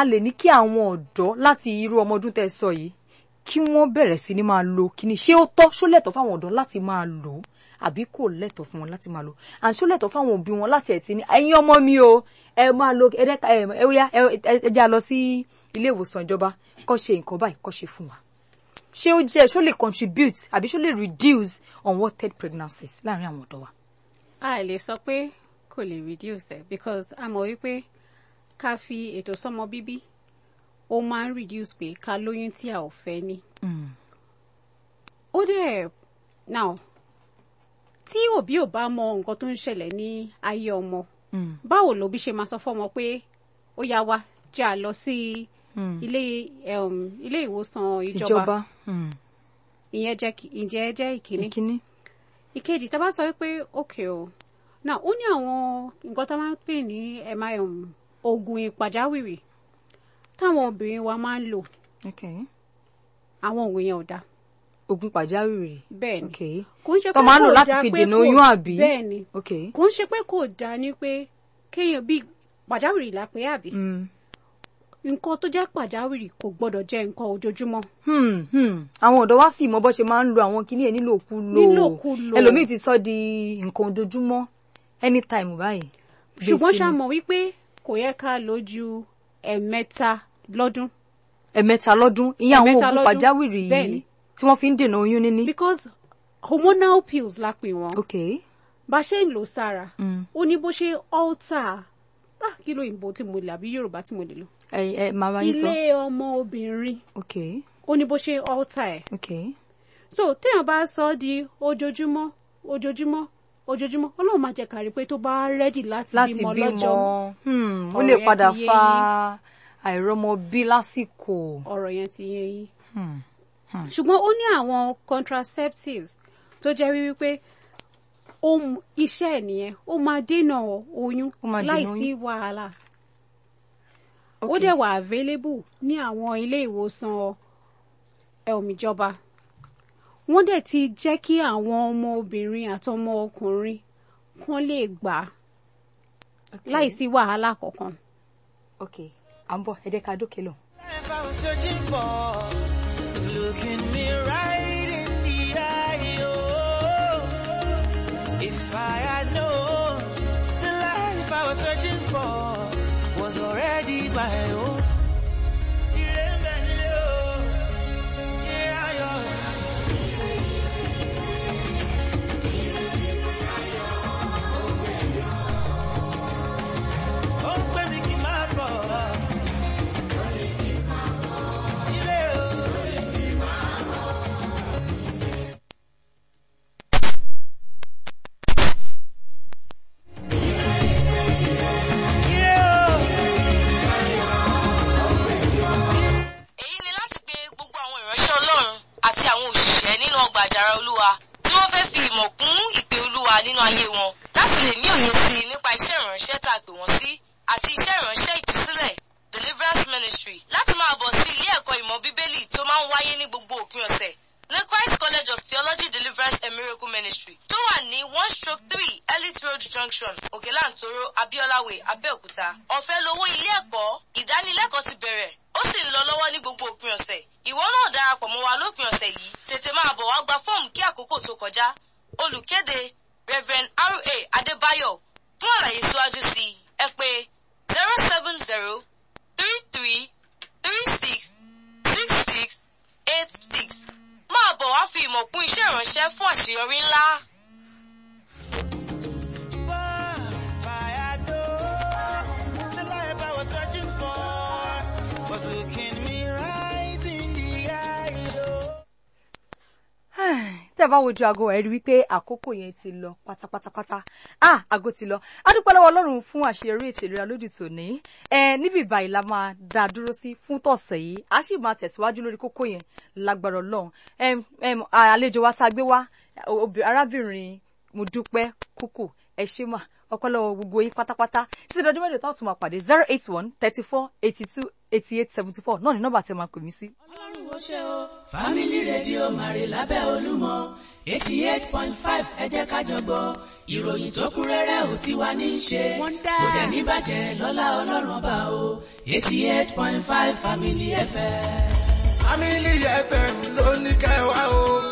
a lè ní kí àwọn ọ̀dọ́ láti irú ọmọ ọdún tẹ́ sọ yìí kí wọ́n bẹ̀rẹ̀ sí ni máa lo kíni ṣé ó tọ́ ṣó lẹ́tọ̀ọ́ fáwọn ọ̀dọ́ láti máa lò ó àbí kò lẹ́tọ̀ọ́ fún wọn láti máa lò and ṣó lẹ́tọ̀ọ́ fáwọn òbí wọn láti ẹ̀tì ní ẹ̀yin ọmọ mi o ẹ máa lo ẹ̀ẹ́dẹ́ka ẹ̀ẹ́yà ẹ̀ẹ́dẹ́jà lọ sí ilé ìwòsàn ìjọba kọ́ ṣe nǹkan báyìí kọ́ ṣe fún wa ṣé ó jẹ́ ṣó lè contribute àbí ṣó lè reduce unwanted pregnancies láàrin àwọn ọ̀dọ́ wa. a lè sọ pé kò lè reduce ẹ because a mọ̀ wípé ká fi ètò sọmọ bíbí ó máa ń reduce pé ká lóyún tí a ò fẹ́ ní. Mm. ó dẹ̀ now tí òbí ò bá mọ nǹkan tó ń ṣẹlẹ̀ ní ayé ọmọ mm. báwo lòbí ṣe máa sọ fọmọ pé ó yá wa jẹ́ lọ sí mm. um, ilé ìwòsàn ìjọba ìyẹn jẹ́ ìjẹ́ jẹ́ ìkíní ìkejì tá a bá sọ pé okay o now ó ní àwọn nǹkan tá a máa ń pè ní MIM ogun ìpàjáwìrì táwọn obìnrin wa máa ń lò àwọn oògùn yẹn ò dáa. oògùn pàjáwìrì. bẹ́ẹ̀ni kò ń ṣe pé kò dáa pé kò ń láti fi dènà oyún àbí. bẹ́ẹ̀ni kò ń ṣe pé kò dáa ni pé kéèyàn bíi pàjáwìrì là àbí. Hmm. nǹkan tó jẹ́ pàjáwìrì kò gbọ́dọ̀ jẹ́ nǹkan ojoojúmọ́. Hmm, hmm. àwọn ọ̀dọ́ wá sí mọ bó ṣe máa ń lo àwọn kinní ẹ̀ nílòkulò nílòkulò ẹlòmíì ti sọ di nǹkan ojoojúmọ́ anytime báyìí. ṣùgbọ́n ṣá mọ̀ wípé kò yẹ ká lò ju ẹ̀mẹ́ta lọ́dún. ẹ̀mẹ́ta lọ́dún ìyẹn àwọn oògùn pàjáwìrì yìí tí wọ́n fi ń dènà oyún níní. because hormonal pills la pè wọ́n. okay. bá a ṣe ń lò sára mm. ó ní bó ṣe alter ah kí ló yìnbó tí mo lè àbí yorùbá tí mo lè lò. ẹ ẹ màmá yín sọ ilé ọmọ obìnrin. okay. ó ní bó ṣe alter ẹ. okay. so téèyàn bá sọ ọ́ di ojoojúmọ́ ojoojúmọ́ ojoojúmọ́ ọlọ́run máa jẹ́ ká rí pé tó bá rẹ́dì láti bímọ lọ́jọ́ hmm, ó lè padà fa àìrọ́mọbí lásìkò. ọ̀rọ̀ yẹn ti yé yín. Hmm, hmm. ṣùgbọ́n ó ní àwọn contraceptives tó jẹ́ wípé iṣẹ́ ẹ̀ nìyẹn ó máa dènà oyún láì sí wàhálà. ó dẹ̀ wà available ní àwọn ilé ìwòsàn ẹ̀mìjọba. Okay wọ́n dẹ̀ ti jẹ́ kí àwọn ọmọ obìnrin àtọmọ ọkùnrin kan lè gbà á láì sí wàhálà kankan. ok à ń bọ̀ ẹ jẹ́ ká dókè lọ. Oh. searching for, was already my own. nínú ayé wọn láti lè ní òye sí i nípa iṣẹ́ ìránṣẹ́ tá a pè wọ́n sí àti iṣẹ́ ìránṣẹ́ ìtúsílẹ̀ Deliverance Ministry láti máa bọ̀ sí ilé ẹ̀kọ́ ìmọ̀ bíbélì tó máa ń wáyé ní gbogbo òpin ọ̀sẹ̀ ní Christ College of Theology Deliverance and Miracle Ministry tó wà ní one stroke three Elite Road Junction Òkèlàntòrò Abiolawe Abẹ́òkúta. Ọ̀fẹ́ lowó ilé ẹ̀kọ́ ìdánilẹ́kọ̀ọ́ ti bẹ̀rẹ̀ ó sì ń lọ lọ́wọ́ ní gbogbo òpin ọ̀sẹ̀. Ìwọ náà darapọ̀ mọ́ wa lópin ọ̀sẹ̀ yìí tètè máa bọ̀ wá gba fọ́ọ̀mù kí àkókò tó kọjá. Olùkéde Reverend R.A. Adébáyọ̀ fún àlàyé síwájú sí i ẹ pè zero seven zero three three three six six six eight six máa bọ̀ wá fi ìmọ̀ kún iṣẹ́ ìránṣẹ́ fún àṣeyọrí ńlá. tẹ́ bá wojú aago ẹ̀ rí wípé àkókò yẹn ti lọ pátápátápátá ah aago ti lọ adúpẹ́ lọ́wọ́ ọlọ́run fún àṣeyọrí ètò ìlera lójú tòní ẹ níbi ìbàyí la máa dá dúró sí fún tọ̀sẹ̀ yìí a sì máa tẹ̀síwájú lórí kókó yẹn lágbára ọlọ́run àlejò wa tá a gbé wá arábìnrin Mọ́dúpẹ́ Kúkú ẹ ṣé mà ọpẹ́lọ́wọ́ gbogbo yín pátápátá títí dọdún mẹ́rin táwọn tún máa pàdé zero eight one thirty four eighty two eighty eight seventy four náà ni nọ́mbà tí ẹ máa pè mí sí. ọlọ́run ó ṣe o fámìlì rédíò màrí lábẹ́ olúmọ eighty eight point five ẹ jẹ́ ká jọ gbọ́ ìròyìn tó kún rẹ́rẹ́ ò ti wá ní í ṣe kò dẹ̀ ní bàjẹ́ lọ́lá ọlọ́run ọba o eighty eight point five family fm. family fm ló ní kẹwàá o.